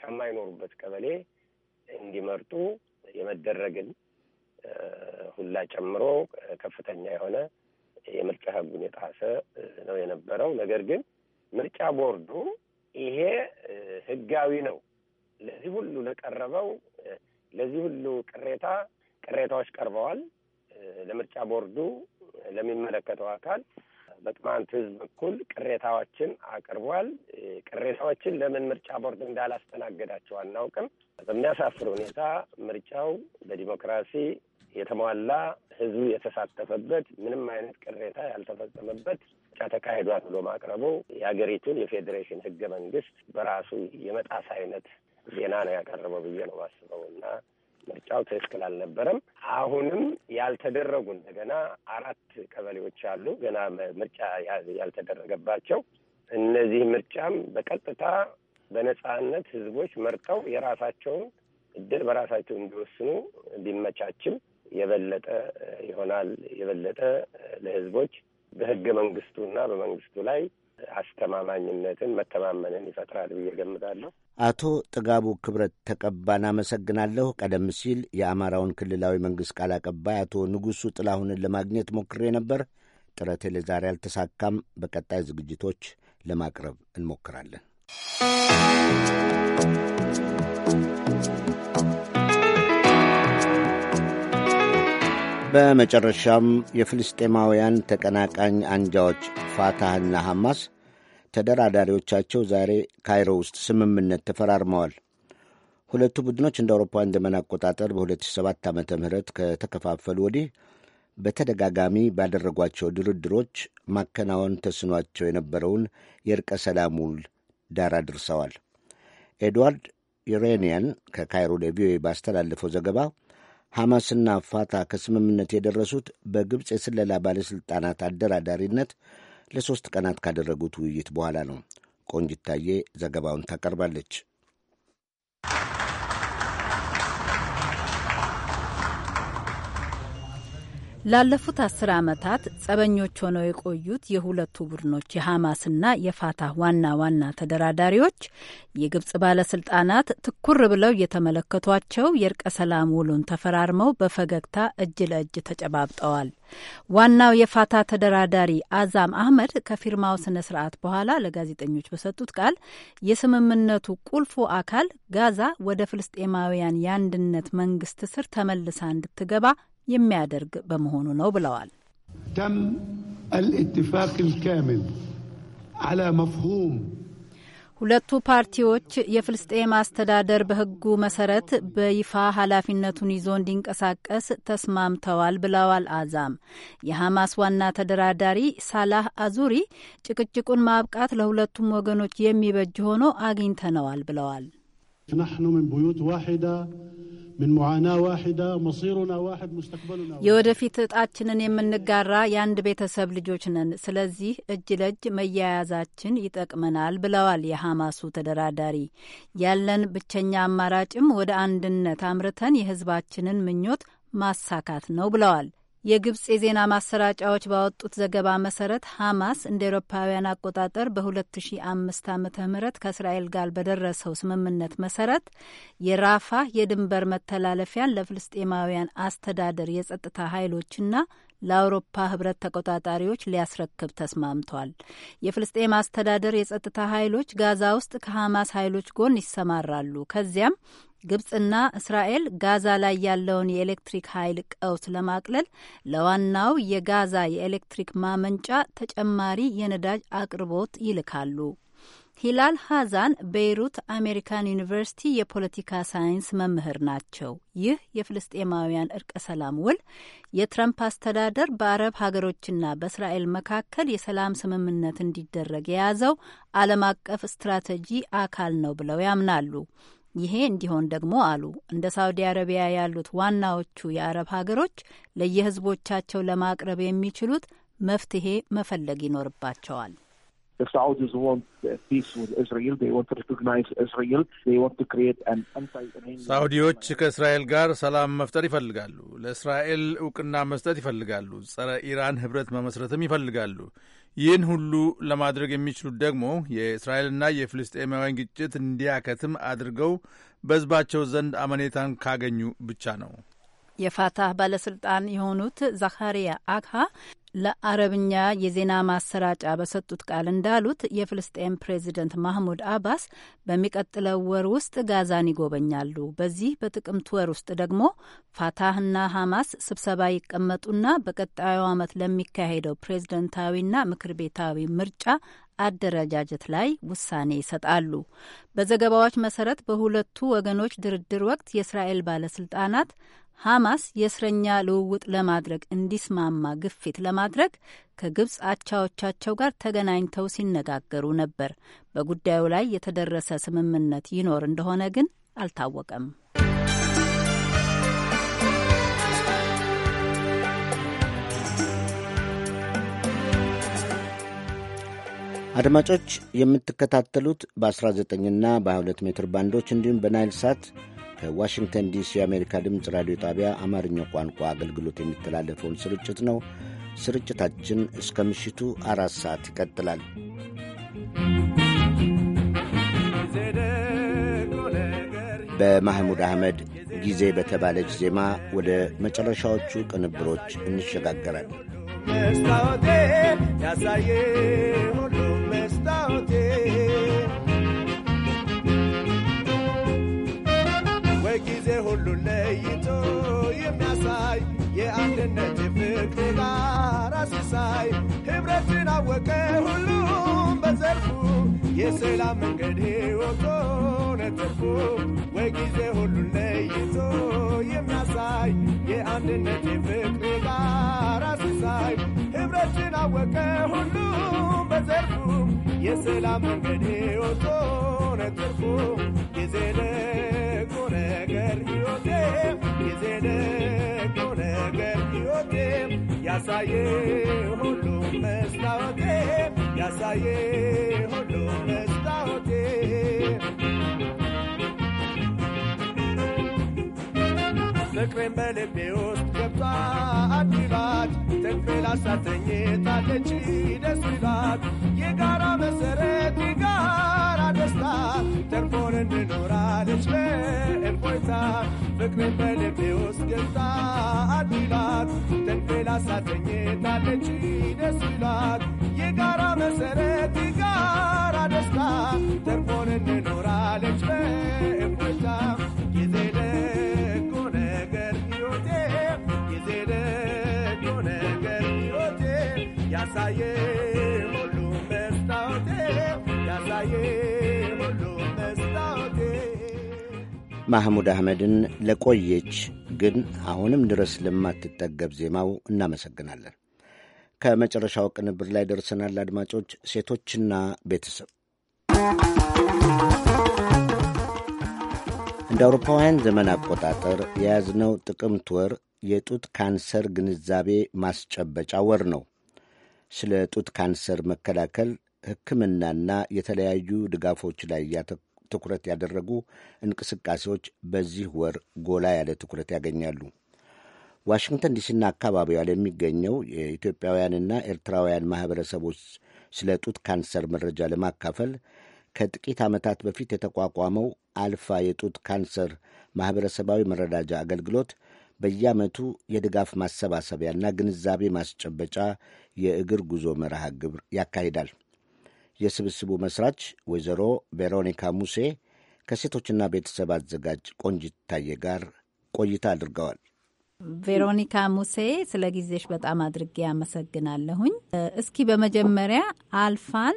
ከማይኖሩበት ቀበሌ እንዲመርጡ የመደረግን ሁላ ጨምሮ ከፍተኛ የሆነ የምርጫ ሕጉን የጣሰ ነው የነበረው። ነገር ግን ምርጫ ቦርዱ ይሄ ሕጋዊ ነው ለዚህ ሁሉ ለቀረበው ለዚህ ሁሉ ቅሬታ ቅሬታዎች ቀርበዋል። ለምርጫ ቦርዱ ለሚመለከተው አካል በቅማንት ሕዝብ በኩል ቅሬታዎችን አቅርቧል። ቅሬታዎችን ለምን ምርጫ ቦርድ እንዳላስተናገዳቸው አናውቅም። በሚያሳፍር ሁኔታ ምርጫው በዲሞክራሲ የተሟላ ህዝቡ የተሳተፈበት ምንም አይነት ቅሬታ ያልተፈጸመበት ምርጫ ተካሂዷል ብሎ ማቅረቡ የሀገሪቱን የፌዴሬሽን ህገ መንግስት በራሱ የመጣስ አይነት ዜና ነው ያቀረበው ብዬ ነው ማስበው እና ምርጫው ትክክል አልነበረም። አሁንም ያልተደረጉ እንደገና አራት ቀበሌዎች አሉ ገና ምርጫ ያልተደረገባቸው። እነዚህ ምርጫም በቀጥታ በነጻነት ህዝቦች መርጠው የራሳቸውን እድል በራሳቸው እንዲወስኑ ቢመቻችም የበለጠ ይሆናል የበለጠ ለህዝቦች በህገ መንግስቱና በመንግስቱ ላይ አስተማማኝነትን መተማመንን ይፈጥራል ብዬ ገምታለሁ። አቶ ጥጋቡ ክብረት ተቀባን አመሰግናለሁ። ቀደም ሲል የአማራውን ክልላዊ መንግሥት ቃል አቀባይ አቶ ንጉሡ ጥላሁንን ለማግኘት ሞክሬ ነበር። ጥረቴ ለዛሬ አልተሳካም። በቀጣይ ዝግጅቶች ለማቅረብ እንሞክራለን። በመጨረሻም የፍልስጤማውያን ተቀናቃኝ አንጃዎች ፋታህና ሐማስ ተደራዳሪዎቻቸው ዛሬ ካይሮ ውስጥ ስምምነት ተፈራርመዋል። ሁለቱ ቡድኖች እንደ አውሮፓውያን ዘመን አቆጣጠር በ2007 ዓ ም ከተከፋፈሉ ወዲህ በተደጋጋሚ ባደረጓቸው ድርድሮች ማከናወን ተስኗቸው የነበረውን የእርቀ ሰላም ውል ዳር አድርሰዋል። ኤድዋርድ ዩሬኒያን ከካይሮ ለቪኦኤ ባስተላለፈው ዘገባ ሐማስና ፋታ ከስምምነት የደረሱት በግብፅ የስለላ ባለሥልጣናት አደራዳሪነት ለሦስት ቀናት ካደረጉት ውይይት በኋላ ነው። ቆንጅታዬ ዘገባውን ታቀርባለች። ላለፉት አስር ዓመታት ጸበኞች ሆነው የቆዩት የሁለቱ ቡድኖች የሐማስና የፋታ ዋና ዋና ተደራዳሪዎች የግብጽ ባለስልጣናት ትኩር ብለው እየተመለከቷቸው የእርቀ ሰላም ውሉን ተፈራርመው በፈገግታ እጅ ለእጅ ተጨባብጠዋል። ዋናው የፋታ ተደራዳሪ አዛም አህመድ ከፊርማው ስነ ስርዓት በኋላ ለጋዜጠኞች በሰጡት ቃል የስምምነቱ ቁልፉ አካል ጋዛ ወደ ፍልስጤማውያን የአንድነት መንግስት ስር ተመልሳ እንድትገባ የሚያደርግ በመሆኑ ነው ብለዋል። ተም አልኢትፋቅ ልካምል አላ መፍሁም ሁለቱ ፓርቲዎች የፍልስጤም አስተዳደር በሕጉ መሰረት በይፋ ኃላፊነቱን ይዞ እንዲንቀሳቀስ ተስማምተዋል ብለዋል አዛም። የሐማስ ዋና ተደራዳሪ ሳላህ አዙሪ ጭቅጭቁን ማብቃት ለሁለቱም ወገኖች የሚበጅ ሆኖ አግኝተነዋል ብለዋል። የወደፊት እጣችንን የምንጋራ የአንድ ቤተሰብ ልጆች ነን። ስለዚህ እጅ ለእጅ መያያዛችን ይጠቅመናል ብለዋል የሐማሱ ተደራዳሪ። ያለን ብቸኛ አማራጭም ወደ አንድነት አምርተን የህዝባችንን ምኞት ማሳካት ነው ብለዋል። የግብፅ የዜና ማሰራጫዎች ባወጡት ዘገባ መሰረት ሐማስ እንደ ኤሮፓውያን አቆጣጠር በ2005 ዓ ም ከእስራኤል ጋር በደረሰው ስምምነት መሰረት የራፋ የድንበር መተላለፊያን ለፍልስጤማውያን አስተዳደር የጸጥታ ኃይሎችና ለአውሮፓ ህብረት ተቆጣጣሪዎች ሊያስረክብ ተስማምቷል። የፍልስጤም አስተዳደር የጸጥታ ኃይሎች ጋዛ ውስጥ ከሐማስ ኃይሎች ጎን ይሰማራሉ። ከዚያም ግብጽና እስራኤል ጋዛ ላይ ያለውን የኤሌክትሪክ ኃይል ቀውስ ለማቅለል ለዋናው የጋዛ የኤሌክትሪክ ማመንጫ ተጨማሪ የነዳጅ አቅርቦት ይልካሉ። ሂላል ሀዛን ቤይሩት አሜሪካን ዩኒቨርሲቲ የፖለቲካ ሳይንስ መምህር ናቸው። ይህ የፍልስጤማውያን እርቀ ሰላም ውል የትረምፕ አስተዳደር በአረብ ሀገሮችና በእስራኤል መካከል የሰላም ስምምነት እንዲደረግ የያዘው ዓለም አቀፍ ስትራቴጂ አካል ነው ብለው ያምናሉ። ይሄ እንዲሆን ደግሞ አሉ እንደ ሳውዲ አረቢያ ያሉት ዋናዎቹ የአረብ ሀገሮች ለየህዝቦቻቸው ለማቅረብ የሚችሉት መፍትሄ መፈለግ ይኖርባቸዋል። the Saudis want peace with Israel. They want to recognize Israel. They want to create an anti iranian ሳውዲዎች ከእስራኤል ጋር ሰላም መፍጠር ይፈልጋሉ። ለእስራኤል እውቅና መስጠት ይፈልጋሉ። ጸረ ኢራን ህብረት መመስረትም ይፈልጋሉ። ይህን ሁሉ ለማድረግ የሚችሉት ደግሞ የእስራኤልና የፍልስጤማውያን ግጭት እንዲያከትም አድርገው በህዝባቸው ዘንድ አመኔታን ካገኙ ብቻ ነው። የፋታህ ባለስልጣን የሆኑት ዛካሪያ አግሃ ለአረብኛ የዜና ማሰራጫ በሰጡት ቃል እንዳሉት የፍልስጤን ፕሬዚደንት ማህሙድ አባስ በሚቀጥለው ወር ውስጥ ጋዛን ይጎበኛሉ። በዚህ በጥቅምት ወር ውስጥ ደግሞ ፋታህና ሐማስ ስብሰባ ይቀመጡና በቀጣዩ ዓመት ለሚካሄደው ፕሬዝደንታዊና ምክር ቤታዊ ምርጫ አደረጃጀት ላይ ውሳኔ ይሰጣሉ። በዘገባዎች መሰረት በሁለቱ ወገኖች ድርድር ወቅት የእስራኤል ባለስልጣናት ሐማስ የእስረኛ ልውውጥ ለማድረግ እንዲስማማ ግፊት ለማድረግ ከግብፅ አቻዎቻቸው ጋር ተገናኝተው ሲነጋገሩ ነበር። በጉዳዩ ላይ የተደረሰ ስምምነት ይኖር እንደሆነ ግን አልታወቀም። አድማጮች የምትከታተሉት በ19ና በ22 ሜትር ባንዶች እንዲሁም በናይል ሳት ከዋሽንግተን ዲሲ የአሜሪካ ድምፅ ራዲዮ ጣቢያ አማርኛው ቋንቋ አገልግሎት የሚተላለፈውን ስርጭት ነው። ስርጭታችን እስከ ምሽቱ አራት ሰዓት ይቀጥላል። በማህሙድ አህመድ ጊዜ በተባለች ዜማ ወደ መጨረሻዎቹ ቅንብሮች እንሸጋገራል። መስታወቴ ያሳየ ሁሉ መስታወቴ ሁሉ ለይቶ የሚያሳይ የአንድነት ፍቅር ጋር አስሳይ ኅብረትን አወቀ ሁሉም በዘርፉ የሰላም መንገድ ሕይወቶ ነተርፉ ወይ ጊዜ ሁሉ ለይቶ የሚያሳይ የአንድነት ፍቅር ጋር አስሳይ ኅብረትን አወቀ ሁሉም በዘርፉ የሰላም መንገድ ሕይወቶ ነተርፉ ጊዜ ነገር ሕይወቴ ነገር ያሳየ ሁሉ መስታወቴ ያሳየ ሁሉ መስታወቴ ፍቅሬን በልቤ ውስጥ ገብታ አዲላት ተክፌ ደስ ይላት የጋራ መሰረት ter moren in orare shve en poeta ve krepele pe os geta adilat ten pela sa tenyeta te cine sulat ማህሙድ አህመድን ለቆየች ግን አሁንም ድረስ ለማትጠገብ ዜማው እናመሰግናለን። ከመጨረሻው ቅንብር ላይ ደርሰናል አድማጮች። ሴቶችና ቤተሰብ እንደ አውሮፓውያን ዘመን አቆጣጠር የያዝነው ጥቅምት ወር የጡት ካንሰር ግንዛቤ ማስጨበጫ ወር ነው። ስለ ጡት ካንሰር መከላከል ሕክምናና የተለያዩ ድጋፎች ላይ ትኩረት ያደረጉ እንቅስቃሴዎች በዚህ ወር ጎላ ያለ ትኩረት ያገኛሉ። ዋሽንግተን ዲሲና አካባቢዋ ለሚገኘው የኢትዮጵያውያንና ኤርትራውያን ማኅበረሰቦች ስለ ጡት ካንሰር መረጃ ለማካፈል ከጥቂት ዓመታት በፊት የተቋቋመው አልፋ የጡት ካንሰር ማኅበረሰባዊ መረዳጃ አገልግሎት በየዓመቱ የድጋፍ ማሰባሰቢያና ግንዛቤ ማስጨበጫ የእግር ጉዞ መርሃ ግብር ያካሂዳል። የስብስቡ መስራች ወይዘሮ ቬሮኒካ ሙሴ ከሴቶችና ቤተሰብ አዘጋጅ ቆንጅት ታየ ጋር ቆይታ አድርገዋል። ቬሮኒካ ሙሴ ስለ ጊዜሽ በጣም አድርጌ አመሰግናለሁኝ። እስኪ በመጀመሪያ አልፋን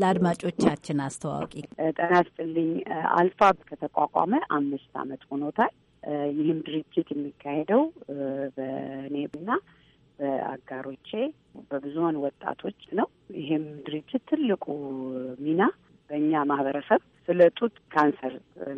ለአድማጮቻችን አስተዋወቂ። ጤና ይስጥልኝ። አልፋ ከተቋቋመ አምስት ዓመት ሆኖታል። ይህም ድርጅት የሚካሄደው በእኔና በአጋሮቼ በብዙሀን ወጣቶች ነው። ይሄም ድርጅት ትልቁ ሚና በእኛ ማህበረሰብ ስለ ጡት ካንሰር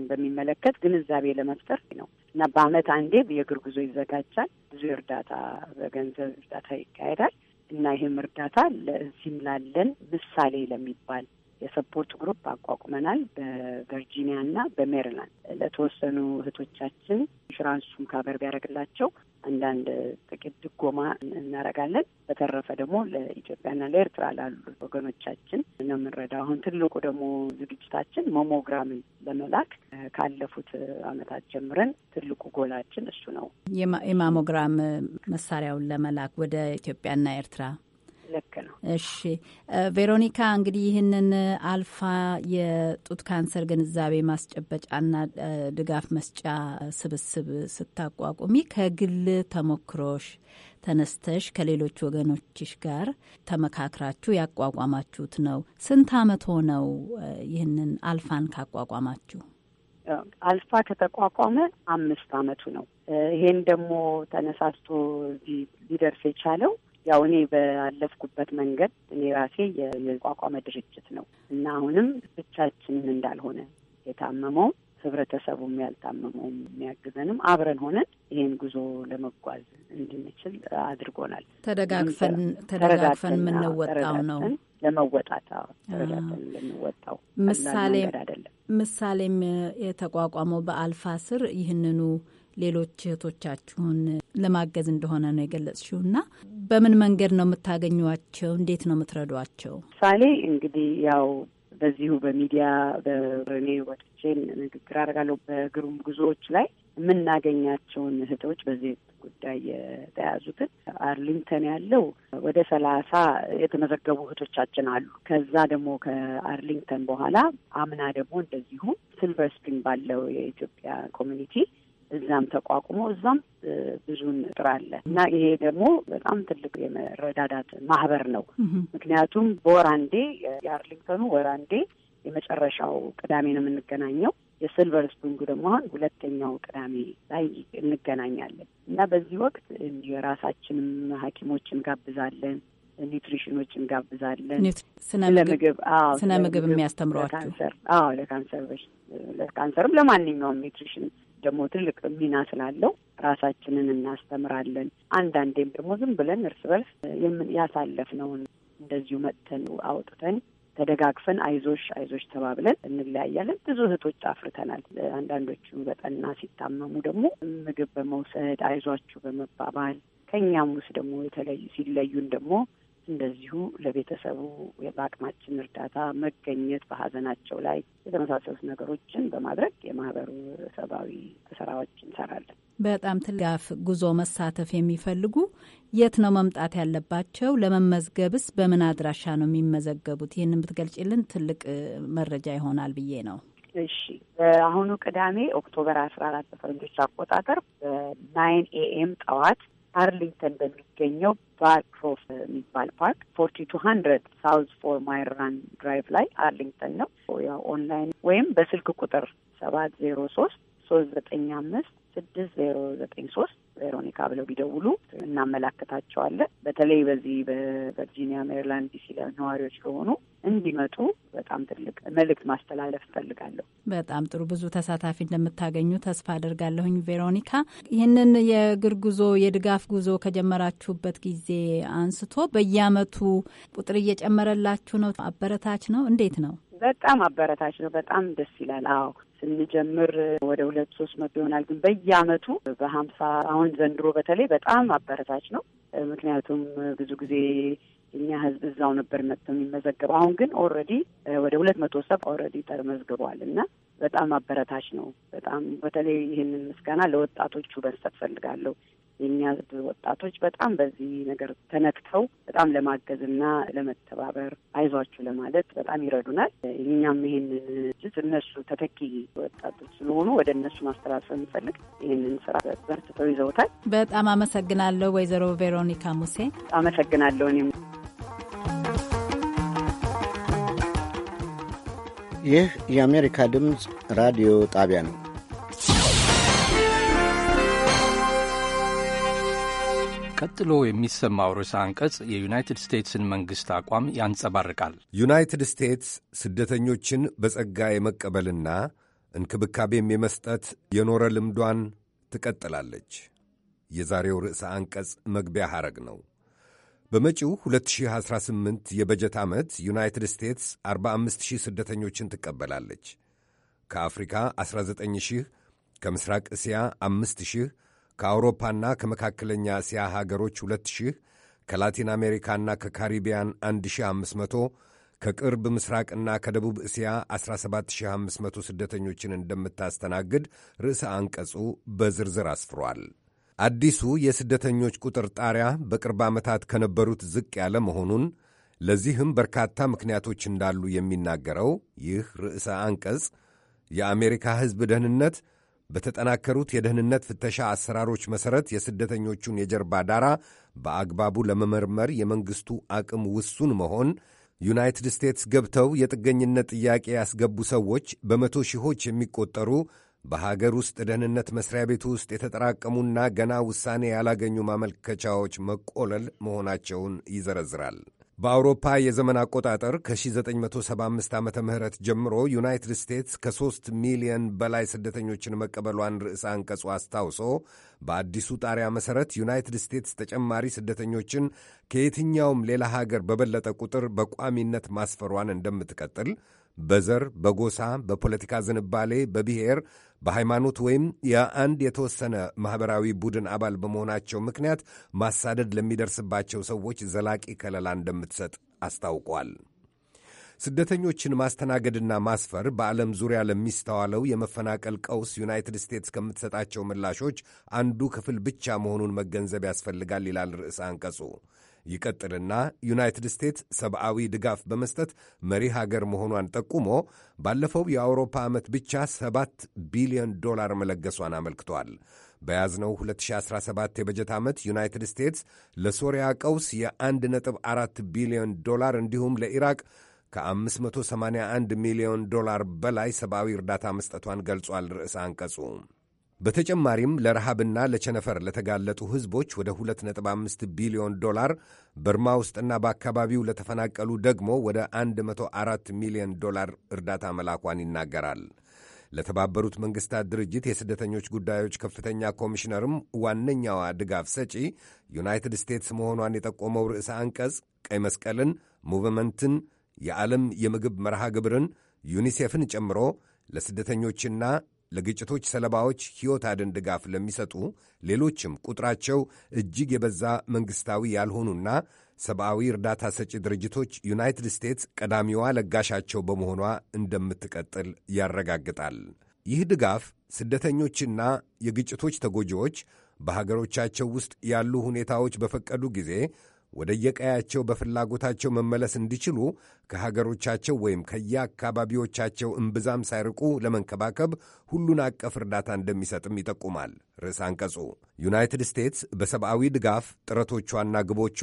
በሚመለከት ግንዛቤ ለመፍጠር ነው እና በአመት አንዴ የእግር ጉዞ ይዘጋጃል። ብዙ እርዳታ በገንዘብ እርዳታ ይካሄዳል እና ይህም እርዳታ ለዚህም ላለን ምሳሌ ለሚባል የሰፖርት ግሩፕ አቋቁመናል። በቨርጂኒያ እና በሜሪላንድ ለተወሰኑ እህቶቻችን ኢንሹራንሱም ካበር ቢያደርግላቸው አንዳንድ ጥቂት ድጎማ እናደርጋለን። በተረፈ ደግሞ ለኢትዮጵያና ለኤርትራ ላሉ ወገኖቻችን ነው የምንረዳ። አሁን ትልቁ ደግሞ ዝግጅታችን መሞግራምን ለመላክ ካለፉት ዓመታት ጀምረን ትልቁ ጎላችን እሱ ነው። የማሞግራም መሳሪያውን ለመላክ ወደ ኢትዮጵያና ኤርትራ ልክ ነው። እሺ ቬሮኒካ፣ እንግዲህ ይህንን አልፋ የጡት ካንሰር ግንዛቤ ማስጨበጫና ድጋፍ መስጫ ስብስብ ስታቋቁሚ ከግል ተሞክሮሽ ተነስተሽ ከሌሎች ወገኖችሽ ጋር ተመካክራችሁ ያቋቋማችሁት ነው። ስንት አመት ሆነው ይህንን አልፋን ካቋቋማችሁ? አልፋ ከተቋቋመ አምስት አመቱ ነው። ይሄን ደግሞ ተነሳስቶ ሊደርስ የቻለው ያው እኔ ባለፍኩበት መንገድ እኔ ራሴ የቋቋመ ድርጅት ነው እና አሁንም ብቻችንን እንዳልሆነ የታመመው ህብረተሰቡም ያልታመመውም የሚያግዘንም አብረን ሆነን ይህን ጉዞ ለመጓዝ እንድንችል አድርጎናል። ተደጋግፈን ተደጋግፈን የምንወጣው ነው ለመወጣት ምሳሌ ምሳሌም የተቋቋመው በአልፋ ስር ይህንኑ ሌሎች እህቶቻችሁን ለማገዝ እንደሆነ ነው የገለጽሽው እና በምን መንገድ ነው የምታገኟቸው? እንዴት ነው የምትረዷቸው? ምሳሌ እንግዲህ ያው በዚሁ በሚዲያ በሬኔ ወጥቼን ንግግር አደርጋለሁ። በግሩም ጉዞዎች ላይ የምናገኛቸውን እህቶች በዚህ ጉዳይ የተያዙትን አርሊንግተን ያለው ወደ ሰላሳ የተመዘገቡ እህቶቻችን አሉ። ከዛ ደግሞ ከአርሊንግተን በኋላ አምና ደግሞ እንደዚሁ ሲልቨር ስፕሪንግ ባለው የኢትዮጵያ ኮሚኒቲ እዛም ተቋቁሞ እዛም ብዙን ጥር አለ እና ይሄ ደግሞ በጣም ትልቅ የመረዳዳት ማህበር ነው። ምክንያቱም በወራንዴ የአርሊንግተኑ ወራንዴ የመጨረሻው ቅዳሜ ነው የምንገናኘው። የሲልቨር ስፕሪንጉ ደግሞ አሁን ሁለተኛው ቅዳሜ ላይ እንገናኛለን እና በዚህ ወቅት የራሳችንም ሐኪሞችን ጋብዛለን ኒውትሪሽኖች እንጋብዛለን። ስለምግብ ስነ ምግብ የሚያስተምሯቸው ለካንሰር ለካንሰር ለካንሰርም ለማንኛውም ኒውትሪሽን ደግሞ ትልቅ ሚና ስላለው ራሳችንን እናስተምራለን። አንዳንዴም ደግሞ ዝም ብለን እርስ በርስ ያሳለፍነውን እንደዚሁ መጥተን አውጥተን ተደጋግፈን አይዞሽ አይዞሽ ተባብለን እንለያያለን። ብዙ እህቶች አፍርተናል። አንዳንዶቹ በጠና ሲታመሙ ደግሞ ምግብ በመውሰድ አይዟችሁ በመባባል ከእኛም ውስጥ ደግሞ የተለዩ ሲለዩን ደግሞ እንደዚሁ ለቤተሰቡ በአቅማችን እርዳታ መገኘት፣ በሀዘናቸው ላይ የተመሳሰሉት ነገሮችን በማድረግ የማህበሩ ሰብአዊ ስራዎች እንሰራለን። በጣም ትጋፍ ጉዞ መሳተፍ የሚፈልጉ የት ነው መምጣት ያለባቸው? ለመመዝገብስ በምን አድራሻ ነው የሚመዘገቡት? ይህንን ብትገልጭልን ትልቅ መረጃ ይሆናል ብዬ ነው። እሺ፣ በአሁኑ ቅዳሜ ኦክቶበር አስራ አራት በፈረንጆች አቆጣጠር በናይን ኤኤም ጠዋት አርሊንግተን በሚገኘው ባርክሮስ የሚባል ፓርክ ፎርቲ ቱ ሀንድረድ ሳውዝ ፎር ማይል ራን ድራይቭ ላይ አርሊንግተን ነው። ያው ኦንላይን ወይም በስልክ ቁጥር ሰባት ዜሮ ሶስት ሶስት ዘጠኝ አምስት ስድስት ዜሮ ዘጠኝ ሶስት ቬሮኒካ ብለው ቢደውሉ እናመላክታቸዋለን። በተለይ በዚህ በቨርጂኒያ ሜሪላንድ ዲሲ ነዋሪዎች ከሆኑ እንዲመጡ በጣም ትልቅ መልእክት ማስተላለፍ እፈልጋለሁ። በጣም ጥሩ ብዙ ተሳታፊ እንደምታገኙ ተስፋ አድርጋለሁኝ። ቬሮኒካ ይህንን የእግር ጉዞ የድጋፍ ጉዞ ከጀመራችሁበት ጊዜ አንስቶ በየአመቱ ቁጥር እየጨመረላችሁ ነው? አበረታች ነው? እንዴት ነው? በጣም አበረታች ነው። በጣም ደስ ይላል። አዎ ስንጀምር ወደ ሁለት ሶስት መቶ ይሆናል። ግን በየአመቱ በሀምሳ አሁን ዘንድሮ በተለይ በጣም አበረታች ነው። ምክንያቱም ብዙ ጊዜ እኛ ህዝብ እዛው ነበር መጥቶ የሚመዘገበው። አሁን ግን ኦልሬዲ ወደ ሁለት መቶ ሰብ ኦልሬዲ ተመዝግቧል እና በጣም አበረታች ነው። በጣም በተለይ ይህንን ምስጋና ለወጣቶቹ መስጠት ፈልጋለሁ። የእኛ ወጣቶች በጣም በዚህ ነገር ተነክተው በጣም ለማገዝና ለመተባበር አይዟችሁ ለማለት በጣም ይረዱናል። እኛም ይሄንን ጅት እነሱ ተተኪ ወጣቶች ስለሆኑ ወደ እነሱ ማስተላለፍ የሚፈልግ ይህንን ስራ በርትተው ይዘውታል። በጣም አመሰግናለሁ ወይዘሮ ቬሮኒካ ሙሴ። አመሰግናለሁ እኔም ይህ የአሜሪካ ድምፅ ራዲዮ ጣቢያ ነው። ቀጥሎ የሚሰማው ርዕሰ አንቀጽ የዩናይትድ ስቴትስን መንግሥት አቋም ያንጸባርቃል። ዩናይትድ ስቴትስ ስደተኞችን በጸጋ የመቀበልና እንክብካቤም የመስጠት የኖረ ልምዷን ትቀጥላለች። የዛሬው ርዕሰ አንቀጽ መግቢያ ሐረግ ነው። በመጪው 2018 የበጀት ዓመት ዩናይትድ ስቴትስ 45000 ስደተኞችን ትቀበላለች። ከአፍሪካ 19000፣ ከምሥራቅ እስያ 5000 ከአውሮፓና ከመካከለኛ እስያ ሀገሮች 2000 ከላቲን አሜሪካና ከካሪቢያን 1500 ከቅርብ ምስራቅና ከደቡብ እስያ 17500 ስደተኞችን እንደምታስተናግድ ርዕሰ አንቀጹ በዝርዝር አስፍሯል። አዲሱ የስደተኞች ቁጥር ጣሪያ በቅርብ ዓመታት ከነበሩት ዝቅ ያለ መሆኑን ለዚህም በርካታ ምክንያቶች እንዳሉ የሚናገረው ይህ ርዕሰ አንቀጽ የአሜሪካ ሕዝብ ደህንነት በተጠናከሩት የደህንነት ፍተሻ አሰራሮች መሠረት የስደተኞቹን የጀርባ ዳራ በአግባቡ ለመመርመር የመንግሥቱ አቅም ውሱን መሆን ዩናይትድ ስቴትስ ገብተው የጥገኝነት ጥያቄ ያስገቡ ሰዎች በመቶ ሺዎች የሚቆጠሩ በሀገር ውስጥ ደህንነት መስሪያ ቤት ውስጥ የተጠራቀሙና ገና ውሳኔ ያላገኙ ማመልከቻዎች መቆለል መሆናቸውን ይዘረዝራል። በአውሮፓ የዘመን አቆጣጠር ከ1975 ዓ ምህረት ጀምሮ ዩናይትድ ስቴትስ ከ3 ሚሊዮን በላይ ስደተኞችን መቀበሏን ርዕሰ አንቀጹ አስታውሶ በአዲሱ ጣሪያ መሠረት ዩናይትድ ስቴትስ ተጨማሪ ስደተኞችን ከየትኛውም ሌላ ሀገር በበለጠ ቁጥር በቋሚነት ማስፈሯን እንደምትቀጥል በዘር፣ በጎሳ፣ በፖለቲካ ዝንባሌ፣ በብሔር በሃይማኖት ወይም የአንድ የተወሰነ ማኅበራዊ ቡድን አባል በመሆናቸው ምክንያት ማሳደድ ለሚደርስባቸው ሰዎች ዘላቂ ከለላ እንደምትሰጥ አስታውቋል። ስደተኞችን ማስተናገድና ማስፈር በዓለም ዙሪያ ለሚስተዋለው የመፈናቀል ቀውስ ዩናይትድ ስቴትስ ከምትሰጣቸው ምላሾች አንዱ ክፍል ብቻ መሆኑን መገንዘብ ያስፈልጋል ይላል ርዕሰ አንቀጹ። ይቀጥልና ዩናይትድ ስቴትስ ሰብአዊ ድጋፍ በመስጠት መሪ ሀገር መሆኗን ጠቁሞ ባለፈው የአውሮፓ ዓመት ብቻ 7 ቢሊዮን ዶላር መለገሷን አመልክቷል። በያዝነው 2017 የበጀት ዓመት ዩናይትድ ስቴትስ ለሶሪያ ቀውስ የ1.4 ቢሊዮን ዶላር እንዲሁም ለኢራቅ ከ581 ሚሊዮን ዶላር በላይ ሰብአዊ እርዳታ መስጠቷን ገልጿል። ርዕሰ አንቀጹ በተጨማሪም ለረሃብና ለቸነፈር ለተጋለጡ ሕዝቦች ወደ 2.5 ቢሊዮን ዶላር፣ በርማ ውስጥና በአካባቢው ለተፈናቀሉ ደግሞ ወደ 104 ሚሊዮን ዶላር እርዳታ መላኳን ይናገራል። ለተባበሩት መንግስታት ድርጅት የስደተኞች ጉዳዮች ከፍተኛ ኮሚሽነርም ዋነኛዋ ድጋፍ ሰጪ ዩናይትድ ስቴትስ መሆኗን የጠቆመው ርዕሰ አንቀጽ ቀይ መስቀልን፣ ሙቭመንትን፣ የዓለም የምግብ መርሃ ግብርን፣ ዩኒሴፍን ጨምሮ ለስደተኞችና ለግጭቶች ሰለባዎች ሕይወት አድን ድጋፍ ለሚሰጡ ሌሎችም ቁጥራቸው እጅግ የበዛ መንግሥታዊ ያልሆኑና ሰብአዊ እርዳታ ሰጪ ድርጅቶች ዩናይትድ ስቴትስ ቀዳሚዋ ለጋሻቸው በመሆኗ እንደምትቀጥል ያረጋግጣል። ይህ ድጋፍ ስደተኞችና የግጭቶች ተጎጂዎች በሀገሮቻቸው ውስጥ ያሉ ሁኔታዎች በፈቀዱ ጊዜ ወደየቀያቸው በፍላጎታቸው መመለስ እንዲችሉ ከሀገሮቻቸው ወይም ከየአካባቢዎቻቸው እምብዛም ሳይርቁ ለመንከባከብ ሁሉን አቀፍ እርዳታ እንደሚሰጥም ይጠቁማል ርዕስ አንቀጹ። ዩናይትድ ስቴትስ በሰብአዊ ድጋፍ ጥረቶቿና ግቦቿ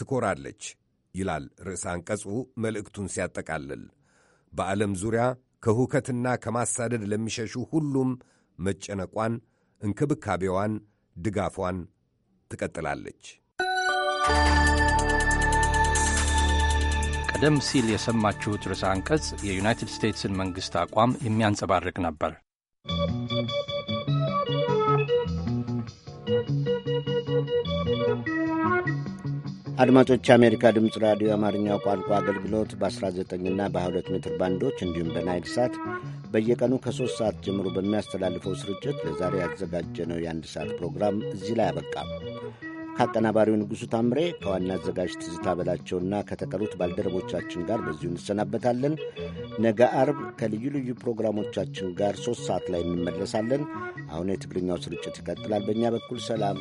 ትኮራለች ይላል ርዕስ አንቀጹ መልእክቱን ሲያጠቃልል። በዓለም ዙሪያ ከሁከትና ከማሳደድ ለሚሸሹ ሁሉም መጨነቋን፣ እንክብካቤዋን፣ ድጋፏን ትቀጥላለች። ቀደም ሲል የሰማችሁት ርዕሰ አንቀጽ የዩናይትድ ስቴትስን መንግሥት አቋም የሚያንጸባርቅ ነበር። አድማጮች የአሜሪካ ድምፅ ራዲዮ የአማርኛው ቋንቋ አገልግሎት በ 19 እና በ22 ሜትር ባንዶች እንዲሁም በናይል ሳት በየቀኑ ከሦስት ሰዓት ጀምሮ በሚያስተላልፈው ስርጭት ለዛሬ ያዘጋጀነው የአንድ ሰዓት ፕሮግራም እዚህ ላይ አበቃም። ከአቀናባሪው ንጉሡ ታምሬ ከዋና አዘጋጅ ትዝታ በላቸውና ከተቀሩት ባልደረቦቻችን ጋር በዚሁ እንሰናበታለን። ነገ አርብ ከልዩ ልዩ ፕሮግራሞቻችን ጋር ሦስት ሰዓት ላይ እንመለሳለን። አሁን የትግርኛው ስርጭት ይቀጥላል። በእኛ በኩል ሰላም፣